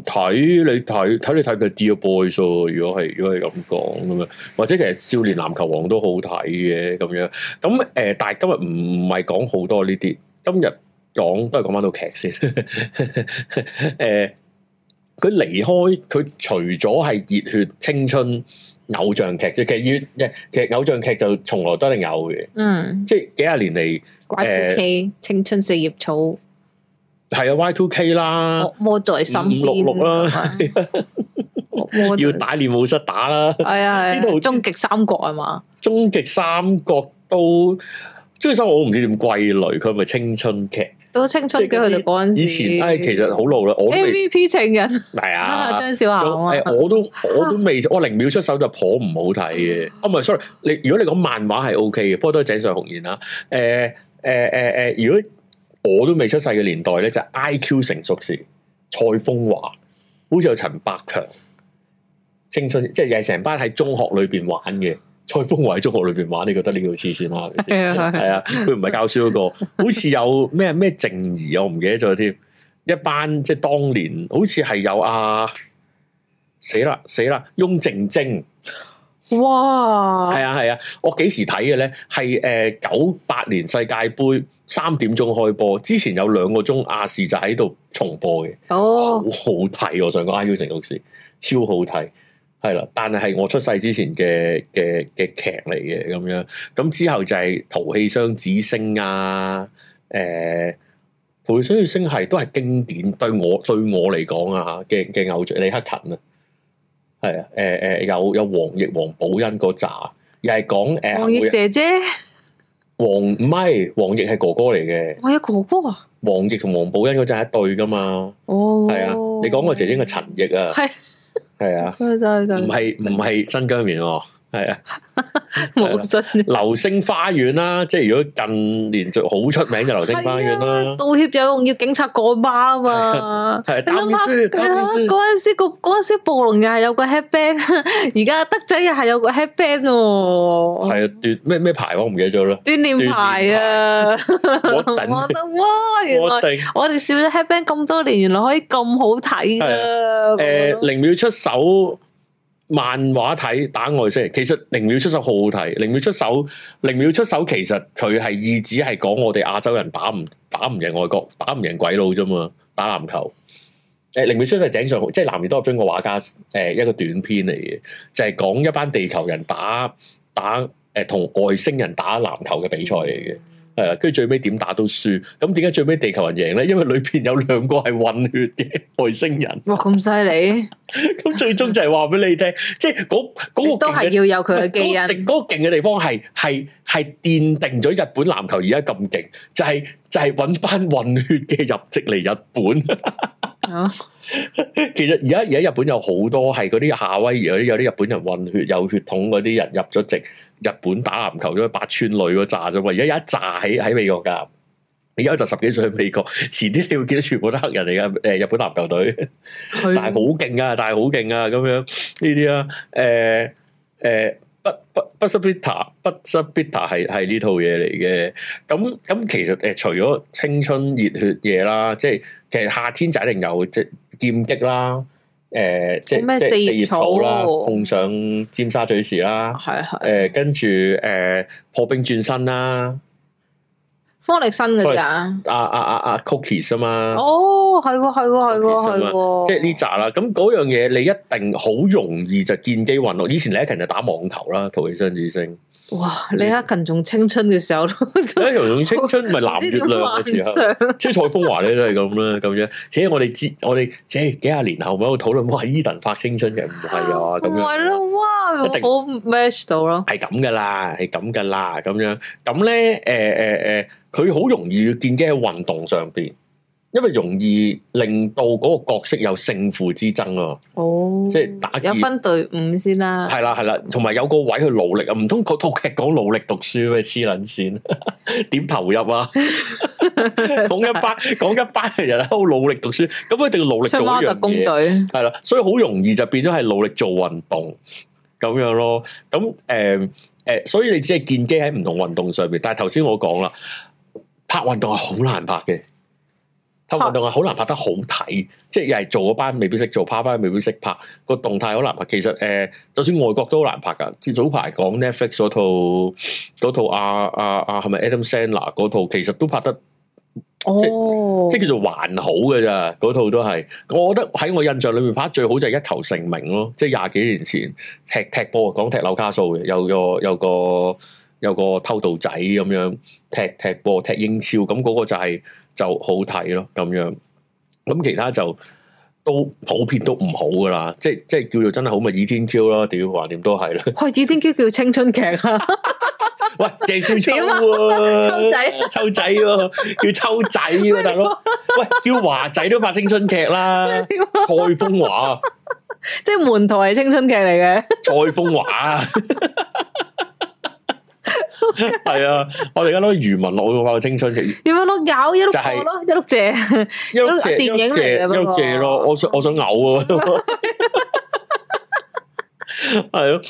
睇你睇睇你睇嘅 Dear Boys 喎、啊，如果係如果係咁講咁樣，或者其實少年籃球王都好睇嘅咁樣。咁誒、呃，但係今日唔係講好多呢啲，今日講都係講翻套劇先。誒，佢離、呃、開佢除咗係熱血青春偶像劇啫，其實要其實偶像劇就從來都一定有嘅。嗯，即係幾廿年嚟誒、呃，青春四葉草。係啊，Y two K 啦，魔在身邊。五五六六啦，要打練舞室打啦。係啊，呢套終極三國係嘛？終極三國都，終極三國我唔知點歸類，佢係咪青春劇？都青春嘅，佢哋嗰陣時。以前誒，其實好老啦。M V P 情人係啊，張韶涵。我都我都未，我零秒出手就頗唔好睇嘅。哦，唔係，sorry，你如果你講漫畫係 O K 嘅，不過都係井上雄彥啦。誒誒誒誒，如果。我都未出世嘅年代咧，就係、I.Q 成熟時，蔡楓華好似有陳百強，青春即係又係成班喺中學裏邊玩嘅。蔡楓華喺中學裏邊玩，你覺得呢個痴線嗎？係啊，佢唔係教書嗰、個，好似有咩咩靜儀，我唔記得咗添。一班即係當年，好似係有啊，死啦死啦，翁靜晶。哇！係啊係啊，我幾時睇嘅咧？係誒九八年世界杯三點鐘開播，之前有兩個鐘亞視就喺度重播嘅。哦，好好睇我、啊、上個 I U 成故事，超好睇。係啦、啊，但係係我出世之前嘅嘅嘅劇嚟嘅咁樣。咁之後就係淘氣雙子星啊，誒、呃，淘氣雙子星係都係經典，對我對我嚟講啊嘅嘅偶像李克勤啊。係啊，誒誒、呃呃，有有黃奕、黃寶欣個扎，又係講誒黃奕姐姐，黃唔係黃奕係哥哥嚟嘅，黃奕哥哥啊，黃奕同黃寶欣嗰扎係一對噶嘛，哦，係啊，你講個姐姐係陳奕啊，係的，係啊的，唔係唔係新疆棉，哦。係啊，冇信。流星花園啦，即係如果近年就好出名嘅流星花園啦。道歉有用，要警察幹嘛啊？係嗰陣時，嗰陣時，嗰嗰陣時，暴龍又係有個 headband，而家德仔又係有個 headband。係啊，奪咩咩牌我唔記得咗啦。鍛煉牌啊！我覺得哇，原來我哋笑咗 headband 咁多年，原來可以咁好睇啊！誒，零秒出手。漫畫睇打外星人，其實零《零秒出手》好好睇，呃，《零秒出手》《零秒出手》其實佢係意指係講我哋亞洲人打唔打唔贏外國，打唔贏鬼佬啫嘛，打籃球。誒，《零秒出手》井上即係《男兒當入樽》個畫家，誒、呃，一個短片嚟嘅，就係、是、講一班地球人打打誒同、呃、外星人打籃球嘅比賽嚟嘅。係啦，跟住最尾點打都輸，咁點解最尾地球人贏咧？因為裏邊有兩個係混血嘅外星人。哇，咁犀利！咁 (laughs) 最終就係話俾你聽， (laughs) 即係、嗰個都係要有佢嘅基因。嗰、嗰個勁嘅、嗰個嗰個嗰個、地方係係係奠定咗日本籃球而家咁勁，就係、是、就係揾翻混血嘅入籍嚟日本。 (laughs) Oh. (laughs) 其實而家而家日本有好多係嗰啲夏威夷啲有啲日本人混血有血統嗰啲人入咗籍，日本打籃球都係八寸女嗰紮啫嘛，而家有一紮喺喺美國噶，而家就十幾歲喺美國，遲啲你會見到全部都黑人嚟噶，誒、呃、日本籃球隊， (laughs) (laughs) 但係好勁啊，但係好勁啊，咁樣呢啲啊。誒、呃、誒。呃不不不，失必打，不失必打係係呢套嘢嚟嘅。咁咁其實誒、呃，除咗青春熱血嘢啦，即係其實夏天就一定有即劍擊啦，誒、呃、即即咩四葉草啦，那個、碰上尖沙咀時啦，係係是，誒跟住誒破冰轉身啦，方力申噶咋？啊啊啊 Cookies 啊嘛。哦哦，係喎，係喎，係喎，係喎，即係呢扎啦。咁嗰樣嘢，你一定好容易就見機運動。以前李克勤就打網球啦，淘氣雙子星。哇，李克勤仲青春嘅時候都，李克勤仲青春，唔係藍月亮嘅時候，即係蔡風華咧都係咁啦，咁樣。而且我哋接，我哋即幾廿年後喺度討論，哇，伊頓發青春嘅唔係啊，咁樣。唔係咯，哇，一定 match 到咯。係咁噶啦，係咁噶啦，咁樣。咁咧，誒誒誒，佢好容易見機喺運動上邊。因為容易令到嗰個角色有勝負之爭咯、啊，oh, 即係打一分隊伍先啦。係啦係啦，同埋有個位去努力啊！唔通嗰套劇講努力讀書咩？黐撚線，點投入啊？講 (laughs) (laughs) 一班群講 (laughs) 一班人喺度努力讀書，咁佢一定要努力做一樣嘢。係啦，所以好容易就變咗係努力做運動咁樣咯。咁誒誒，所以你只係建基喺唔同運動上邊。但係頭先我講啦，拍運動係好難拍嘅。拍運動係好難拍得好睇，即係又係做嗰班未必識做，拍班未必識拍，個動態好難拍。其實誒、呃，就算外國都好難拍噶。至早排講 Netflix 嗰套嗰套阿阿阿係咪 Adam Sandler 嗰套，其實都拍得，即、oh. 即係叫做還好嘅咋。嗰套都係，我覺得喺我印象裏面拍得最好就係一球成名咯。即係廿幾年前踢踢波，講踢球講踢紐卡素嘅，有個有個有個,有個偷渡仔咁樣踢踢波踢英超，咁嗰個就係、是。就好睇咯，咁樣，咁其他就都普遍都唔好噶啦，即係即係叫做真係好咪《倚天嬌》咯，屌話點都係啦。喂，《倚天嬌》叫青春劇啊？喂，鄭少秋啊，秋仔、啊，秋仔咯、啊， (laughs) 叫秋仔啊，大佬。 (laughs) 喂，叫華仔都拍青春劇啦， (laughs) 華《蔡楓華》。即係門徒係青春劇嚟嘅， (laughs) 蔡鋒華《蔡楓華》。係 (music) 啊，我哋而家攞余文樂去化個青春劇，點樣攞搞一碌博咯，係咯、一碌蔗一碌電影蔗一碌蔗。咯我，一我想我想咬啊，係咯，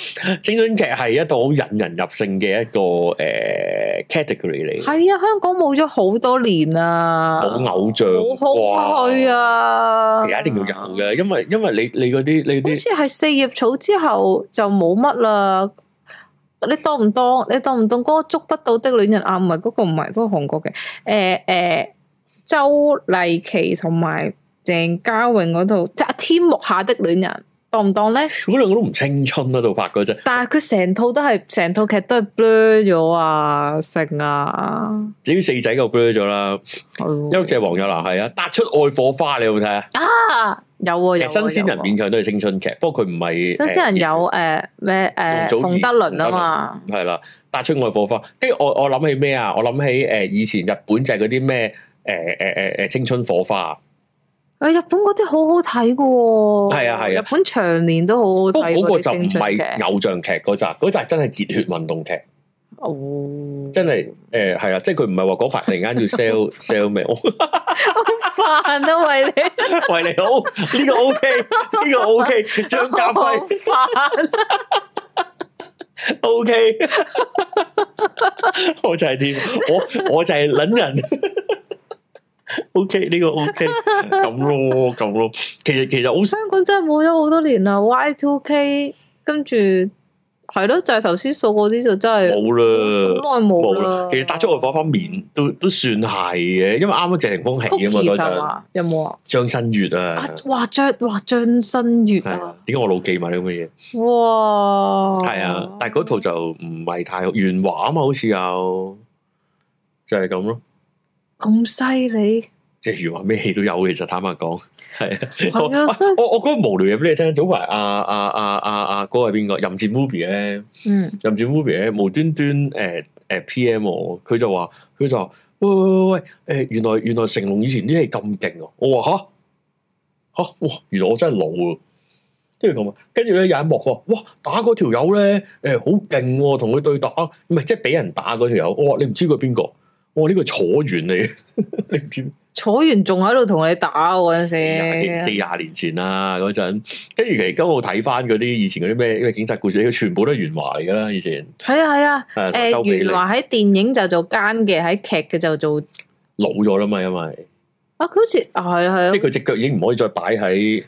青春劇係一個好引人入勝嘅一個誒、呃、category 嚟。係啊 (music) 香港冇咗好多年啊，冇偶像，好唔去啊！其實一定要搞㗎，因為因為你你嗰啲你啲好似係四葉草之後就冇乜啦。你當唔當你當唔當嗰個捉不到的戀人啊？唔係嗰個唔係嗰個韓國嘅，誒、欸、誒、欸，周麗淇同埋鄭嘉穎嗰套《天幕下的戀人》。當唔當咧？嗰兩個都唔青春啦，啊，度拍嗰陣。但係佢成套都係成套劇都係 blur 咗啊，成啊。至於四仔個 blur 咗啦，哎、呦一隻黃又南係啊，突出愛火花，你有冇睇啊？啊，有啊有，啊有，啊有啊，新鮮人勉強都係青春劇，不過佢唔係新鮮人有誒咩誒馮德倫啊嘛，係啦，突出愛火花。跟住我我諗起咩啊？我諗起誒以前日本就係嗰啲咩誒誒誒誒青春，春，春火花。誒，日本嗰啲好好睇嘅，係啊係啊，啊日本長年都好好睇。嗰個就唔係偶像劇嗰集，嗰集真係熱血運動劇。哦，真係誒，係、呃、啊，即係佢唔係話嗰排突然間要 sell sell 咩？好煩，這個 OK, OK，啊！為你，為你好，呢個 OK，呢個 OK，張家輝，OK，我就係點，我我就係撚人。 (laughs) O K，呢個 O K，咁咯，咁咯、okay, okay, (laughs) 其實其實好，香港真係冇咗好多年啦。Y two K，跟住係咯，就係頭先數嗰啲就真係冇啦，好耐冇啦。其實搭出去嗰方面都都算係嘅，因為啱啱鄭成功嚟啊嘛，多吧就，有冇啊？張新月啊，啊哇，張哇張新月啊，點解我老記埋呢啲咁嘅嘢？哇，係啊，但係嗰套就唔係太好，原畫啊嘛，好似有就係咁咯。咁犀利，即係如話咩戲都有，其實坦白講係啊。 (laughs) 我我覺得，那個，無聊嘢，俾你聽，早排阿阿阿阿阿哥係邊個？任劍 movie 咧，嗯，任劍 movie 咧，無端端誒誒，呃呃、PM 我，佢就話佢就話喂喂喂喂，誒、呃，原來原來成龍以前啲戲咁勁啊！我話吓吓，哇，原來我真係老啊！跟住咁啊，跟住咧有一幕喎，哇，打嗰條友咧，誒、呃，好勁，啊，同佢對打，唔、啊、係即係俾人打嗰條友，我話你唔知佢邊個。我呢、哦，這個 (laughs) 知坐完嚟，你唔知楚原仲喺度同你打嗰陣時，四廿年前啦嗰陣，跟住其實今我睇翻嗰啲以前嗰啲咩，因為警察故事，佢全部都係元華嚟噶啦，以前係啊係啊，誒、 (laughs) 呃、元華喺電影就做奸嘅，喺劇嘅就做老咗啦嘛，因為啊佢好似係啊係啊，啊啊啊啊啊即係佢隻腳已經唔可以再擺喺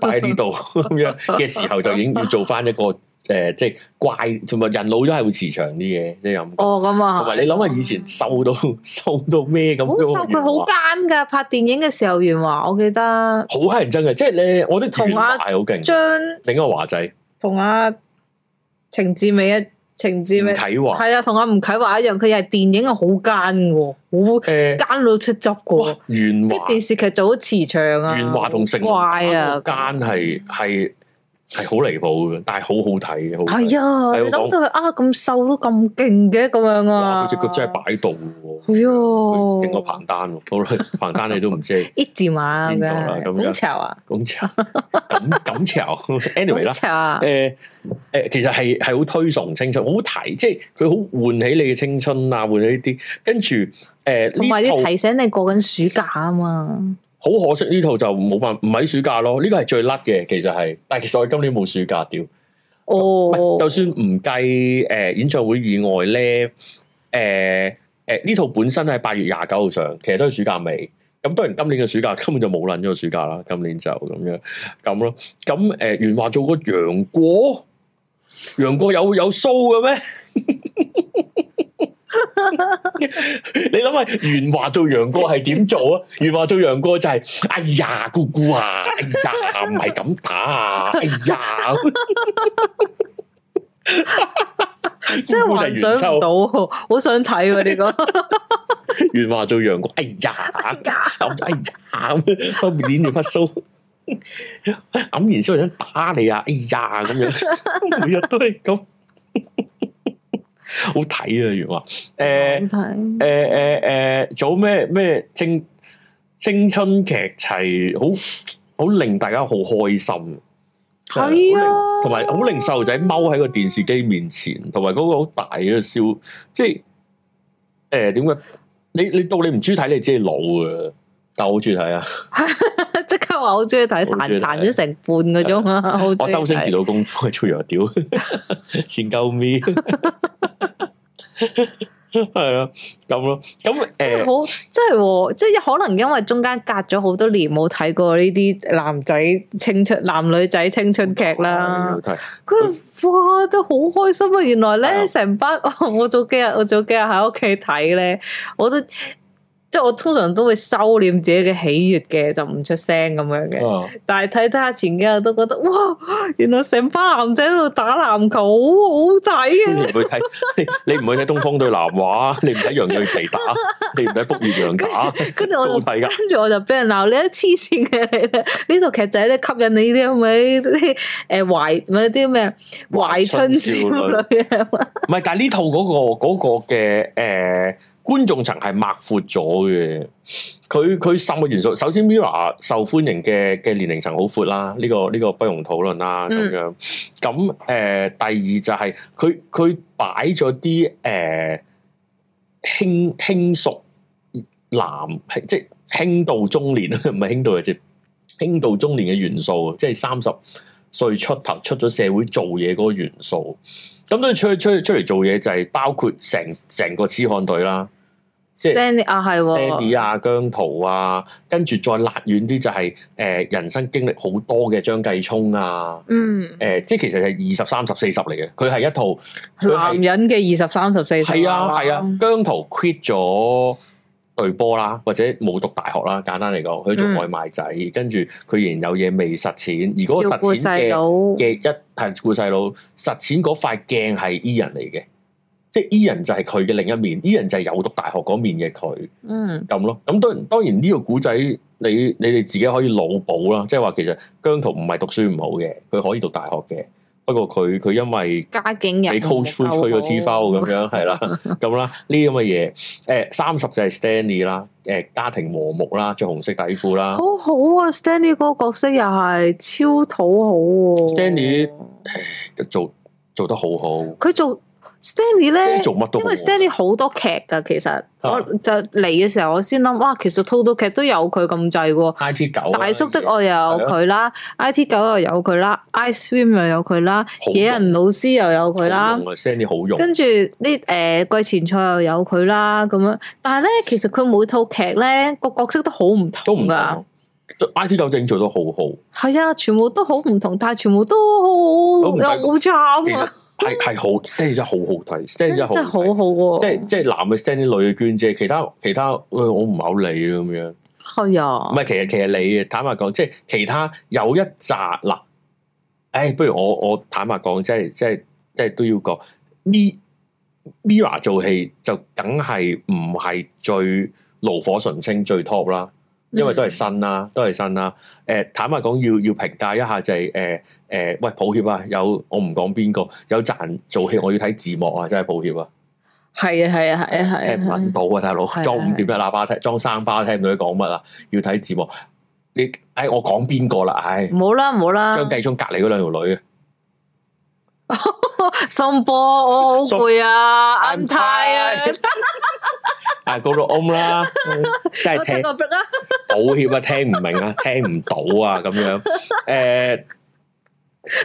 擺喺呢度咁樣嘅 (laughs) (laughs) 時候，就已經要做翻一個。誒，即係怪，同埋人老咗係會慈祥啲嘅，即係又。哦，咁啊，同埋你諗下以前瘦到 (laughs) 瘦到咩咁都。瘦佢好奸噶，拍電影嘅時候，元華，我記得。好乞人憎嘅，即係你，我啲同阿張另一個華仔，同阿程至美啊，程至美。啟華係啊，同阿吳啟華一樣，佢又係電影係好奸嘅，好奸到出汁嘅。元華啲電視劇就好慈祥啊，元華同成怪啊，奸係係。係好離譜嘅，但係好好睇嘅，係、哎、呀啊！你諗到佢啊咁瘦都咁勁嘅咁樣啊！佢隻腳真係擺度喎，係啊、哎呦！經過彭丹，好啦彭丹你都唔知。 (laughs) 一字馬咁樣咁樣。咁潮啊！咁潮 (laughs) ，anyway 啦。潮啊！誒誒，其實係係好推崇青春，好提，即係佢好喚起你嘅青春啊，喚起呢啲。跟住誒，同埋啲提醒你過緊暑假啊嘛。好可惜呢套就冇辦唔喺暑假咯，呢、這個係最甩嘅其實係，但係其實我今年冇暑假屌，哦、oh.，就算唔計誒、呃、演唱會意外咧，誒誒呢套本身係八月廿九號上，其實都係暑假尾。咁當然今年嘅暑假根本就冇捻咗個暑假啦，今年就咁樣咁咯，咁誒、呃、元華做過楊過，楊過有有 show 嘅咩？ (laughs) (laughs) 你諗下，元華做楊過係點做啊？元華做楊過就係、是，哎呀，姑姑啊，哎呀，唔係咁打啊，哎呀，真係幻想唔到，好想睇呢個。元華做楊過，哎呀，哎呀，咁樣，翻面剪住髮鬚，黯然先想打你啊，哎呀，咁樣、哎、樣，每日都係咁。好睇啊！原、欸、話，誒誒誒誒，做咩咩青青春劇齊，好好令大家好開心。係啊，同埋好令細路仔踎喺個電視機面前，同埋嗰個好大嘅笑，即係誒點解！你你到你唔中意睇，你自己老啊，但係我好中意睇啊。我好中意睇彈彈咗成半個鐘啊！對我周星馳到功夫做嘢，屌，先夠屘，係 (laughs) 咯， (laughs) 咁咯，咁誒，好、嗯，真係、哦，即係 (laughs) 可能因為中間隔咗好多年，冇睇過呢啲男仔青春，青春劇男女仔青春劇啦。佢哇，都好開心啊！原來咧成是班，我早幾日，我早幾日喺屋企睇咧，我都。我都即係我通常都會收斂自己嘅喜悦嘅，就唔出聲咁樣嘅。但係睇睇下前幾日我都覺得哇，原來成班男仔喺度打籃球，好好睇嘅。你唔去睇，你你唔去睇東方對南華，你唔睇楊鈺琪打，你唔睇卜業楊打。跟住我，跟住我就俾人鬧，你都黐線嘅。呢套劇仔咧吸引你啲咩？啲誒懷，咪啲咩懷春少女啊？唔係，但係呢套嗰個嗰個嘅誒。觀眾層係擘闊咗嘅，佢佢三個元素，首先 Mirror 受歡迎嘅嘅年齡層好闊啦，呢、這個呢、這個不容討論啦咁樣。咁誒、嗯呃，第二就係佢佢擺咗啲誒，輕輕熟男，即係輕度中年唔係輕度，係即係輕度中年嘅元素，即係三十歲出頭出咗社會做嘢嗰個元素。咁都出出出嚟做嘢就係包括成成個痴漢隊啦，即係啊係、哦、Sandy 啊姜濤啊，跟住再拉遠啲就係、是、誒、呃、人生經歷好多嘅張繼聰啊，嗯、呃，誒即係其實係二十三十四十嚟嘅，佢係一套男人嘅二十三十四十，係啊係啊，啊啊姜濤 quit 咗。對波啦，或者冇讀大學啦，簡單嚟講，佢做外賣仔，嗯、跟住佢仍然有嘢未實踐，而嗰個實踐嘅嘅一係顧細佬實踐嗰塊鏡係 E 人嚟嘅，即係 E 人就係佢嘅另一面，E 人就係有讀大學嗰面嘅佢，嗯，咁咯，咁都當然呢個古仔，你你哋自己可以腦補啦，即係話其實姜濤唔係讀書唔好嘅，佢可以讀大學嘅。不過佢佢因為家境人俾 coach 吹吹咗 tf 咁樣係啦，咁啦呢啲咁嘅嘢，誒三十就係 Stanley 啦，呃，誒家庭和睦啦，着紅色底褲啦，好好啊，Stanley 嗰個角色又係超討好，啊，Stanley 做做得好好，佢做。Stanley 咧，做乜都好。因為 Stanley 好多劇噶，其實我就嚟嘅時候，我先諗，哇，其實套套劇都有佢咁滯喎。IT 狗，大叔的愛又有佢啦，IT 狗又有佢啦，iSwim 又有佢啦，野人老師又有佢啦，好用。跟住呢誒季前賽又有佢啦，咁樣。但係咧，其實佢每套劇咧個角色都好唔同噶。IT 狗正做得好好。係啊，全部都好唔同，但係全部都好好慘啊。係係、嗯、好，真係真係好真真好睇，真好真真好好、啊。即係即係男嘅 send 啲女嘅娟姐，其他其他、哎，我唔係好理咁樣。係啊呀，唔係其實其實你嘅，坦白講，即係其他有一扎嗱，誒、哎，不如我我坦白講，即係即係即係都要講，Mi Mira 做戲就梗係唔係最爐火純青、最 top 啦。因為都係新啦、啊，都係新啦。誒，坦白講，要要評價一下就係、是，誒、呃、誒，喂，抱歉啊，有我唔講邊個有賺做戲，我要睇字幕啊，真係抱歉啊。係啊，係啊，係啊，係啊。聽唔到啊，大佬、啊、裝五點嘅喇叭，聽裝三巴，聽唔到你講乜啊？要睇字幕。你，哎，我講邊個唉啦？哎，冇啦，冇啦。張繼聰隔籬嗰兩條女。心 (laughs) 波，我好攰啊 (laughs) ，I'm tired。 (laughs) (laughs) 啊，嗰 o 嗡啦，真係聽，抱歉啊，聽唔明啊， (laughs) 聽唔到啊，咁樣，誒、欸。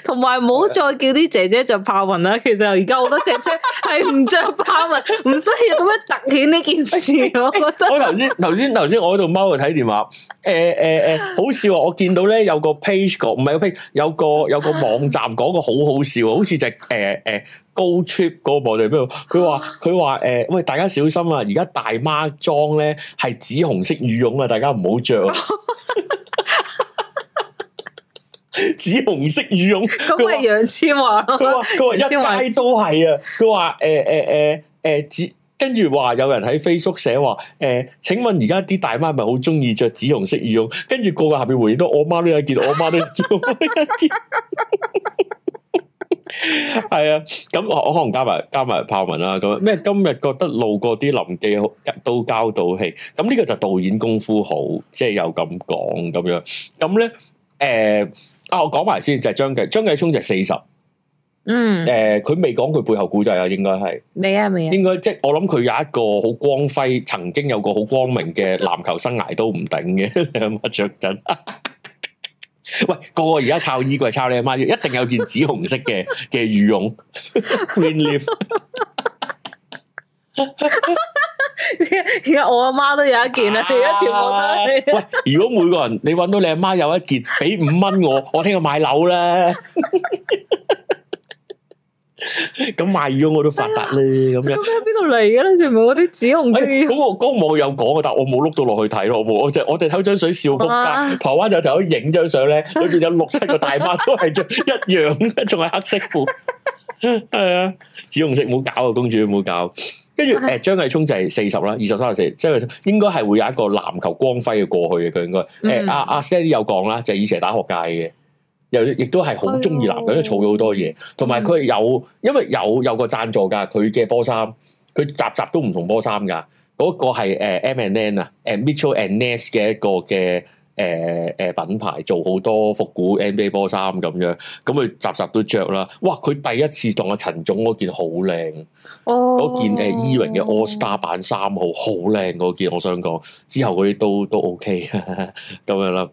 同埋唔好再叫啲姐姐着豹紋啦，其實而家好多姐姐係唔着豹紋，唔 (laughs) 需要咁樣凸顯呢件事咯。我頭先頭先頭先我喺度踎度睇電話，誒誒誒，好笑啊，哦！我見到咧有個 page 唔係有，有個有個，有個網站講個好好笑，好似只誒誒 Go Trip 嗰個網站邊度？佢話佢話誒，喂，欸，大家小心啊！而家大媽裝咧係紫紅色羽絨啊，大家唔好着 (laughs) 紫紅色羽絨，咁咪楊千嬅佢話佢話一屆都係啊。佢話誒誒誒誒紫，跟住話有人喺 Facebook 寫話誒、呃，請問而家啲大媽係咪好中意着紫紅色羽絨？跟住個個下邊回應到：「我媽都有件， (laughs) 我媽都有件。係 (laughs) (laughs) 啊，咁我可能加埋加埋豹紋啦。咁咩今日覺得路過啲臨記入到交到戲，咁呢個就導演功夫好，即係有咁講咁樣。咁咧誒。呃呃啊！我講埋先，就係張繼，張繼聰就四十。嗯。誒、呃，佢未講佢背後故仔啊，應該係。未啊，未啊。應該即係我諗佢有一個好光輝，曾經有個好光明嘅籃球生涯都唔頂嘅。你阿媽着緊？ (laughs) 喂，個個而家抄衣櫃抄你阿媽，一定有件紫紅色嘅嘅羽絨。 (laughs) (laughs) Green leaf。 (laughs) (laughs) (laughs) 而家我阿媽都有一件啦，而家全喂，如果每個人你搵到你阿媽有一件，俾五蚊我，我聽日買樓啦。咁 (laughs) (laughs) 賣咗我都發達咧，咁、哎、呦樣。咁喺邊度嚟嘅咧？全部嗰啲紫紅色。嗰、哎那個江、那個、網友講嘅，但我冇碌到落去睇咯好冇。我我即我哋偷張水笑碌街。啊、台灣有條友影張相咧，裏邊有六七個大媽都係着 (laughs) 一樣，仲係黑色褲。係 (laughs) 啊，紫紅色唔好搞啊，公主唔好搞。跟住誒張繼聰就係四十啦，二十三十四，張繼聰應該係會有一個籃球光輝嘅過去嘅，佢應該誒阿阿 Stella 有講啦，就係、是、以前係打學界嘅，又亦都係好中意籃球、哎呦，因為儲咗好多嘢，同埋佢有因為有有個贊助噶，佢嘅波衫佢集集都唔同波衫噶，嗰、那個係、呃、M and N 啊，誒 Mitchell and Ness 嘅一個嘅。誒誒、呃呃、品牌做好多復古 NBA 波衫咁樣，咁佢集集都着啦。哇！佢第一次當阿陳總嗰件好靚，嗰、oh. 件誒 Ewing 嘅 All Star 版三號好靚嗰件，我想講之後嗰啲都都 OK 咁 (laughs) 樣、呃、啦。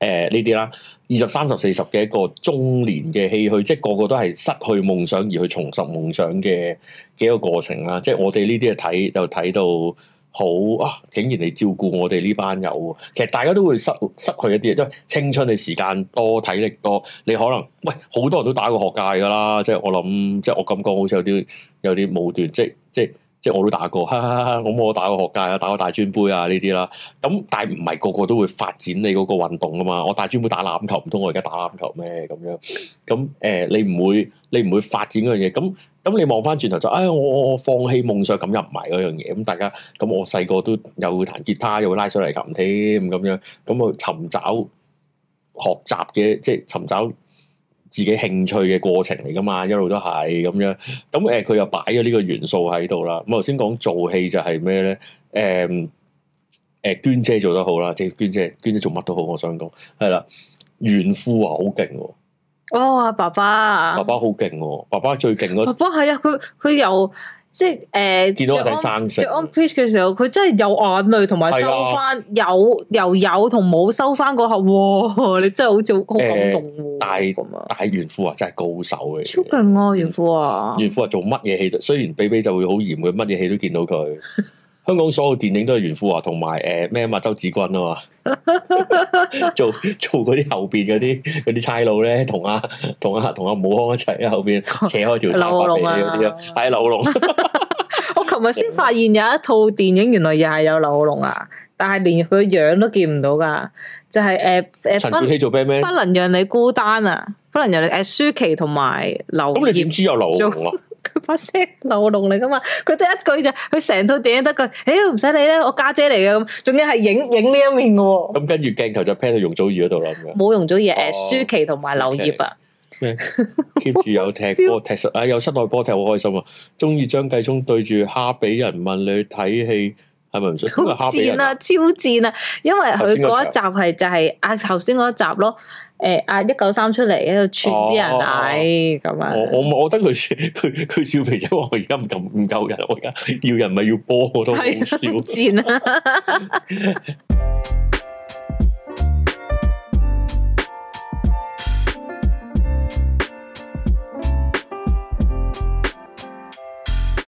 誒呢啲啦，二十三十四十嘅一個中年嘅唏噓，即係個個都係失去夢想而去重拾夢想嘅嘅幾個過程啦。即係我哋呢啲嘅睇就睇到。好啊！竟然嚟照顧我哋呢班友，其實大家都會失失去一啲，因為青春嘅時間多，體力多，你可能喂，好多人都打過學界噶啦，即係我諗，即係我感覺好似有啲有啲武斷，即係即係。就是即係我都打過，哈哈我冇我打過學界啊，打過大專杯啊呢啲啦。咁但係唔係個個都會發展你嗰個運動㗎嘛？我大專杯打籃球，唔通我而家打籃球咩？咁樣咁誒、欸，你唔會你唔會發展嗰樣嘢。咁咁你望翻轉頭就，哎我我放棄夢想咁又唔係嗰樣嘢。咁大家咁我細個都又彈吉他又拉手提琴添。咁樣，咁去尋找學習嘅，即係尋找。自己興趣嘅過程嚟噶嘛，一路都係咁樣。咁、嗯、誒，佢、呃、又擺咗呢個元素喺度啦。咁頭先講做戲就係咩咧？誒、呃、誒，娟姐做得好啦，即係娟姐，娟姐做乜都好。我想講係啦，袁富華，好勁喎、哦！哦，爸爸，爸爸好勁喎、哦，爸爸最勁嗰，爸爸係啊，佢佢又。即係誒，呃、見到我哋生 o n p 嘅時候，佢真係有眼淚同埋收翻是的 有又有同冇收翻嗰下，你真係好似好，好感動。大大袁富華啊，真係高手嘅。超勁啊，袁、嗯、富華啊！袁富華啊，做乜嘢戲都，雖然比比就會好嚴，佢乜嘢戲都見到佢。 (laughs) 香港所有電影都係袁富華同埋誒咩麥周子君啊嘛。 (laughs) 做做嗰啲後邊嗰啲啲差佬咧，同阿同阿同阿武康一齊喺後邊扯開條頭髮皮嗰啲啊，係劉龍。哎、 (laughs) (laughs) 我琴日先發現有一套電影，原來又係有劉龍啊，但係連佢樣都見唔到噶，就係誒誒陳冠希做咩咩，不能讓你孤單啊，不能讓你誒、呃、舒淇同埋劉。咁你點知有劉龍啊？ (laughs) 佢把聲流動嚟噶嘛？佢得一句就，佢成套電影得句，誒唔使理啦，我家姐嚟嘅咁。仲要係影影呢一面喎。咁跟住鏡頭就劈到容祖兒嗰度啦，冇容祖兒，誒、哦，舒淇同埋劉燁啊。咩 keep 住有踢波踢實，啊、哎，有室內波踢好開心啊！中意張繼聰對住哈比人問你睇戲係咪唔想？好賤啊！超賤啊！因為佢嗰一集係就係啊頭先嗰一集咯。誒嗌一九三出嚟喺度串啲人嗌咁啊！啊樣啊，我我我覺得佢佢佢笑肥仔話我而家唔夠唔夠人，我而家要人咪要波，我都好笑。 (laughs) (laughs) (laughs)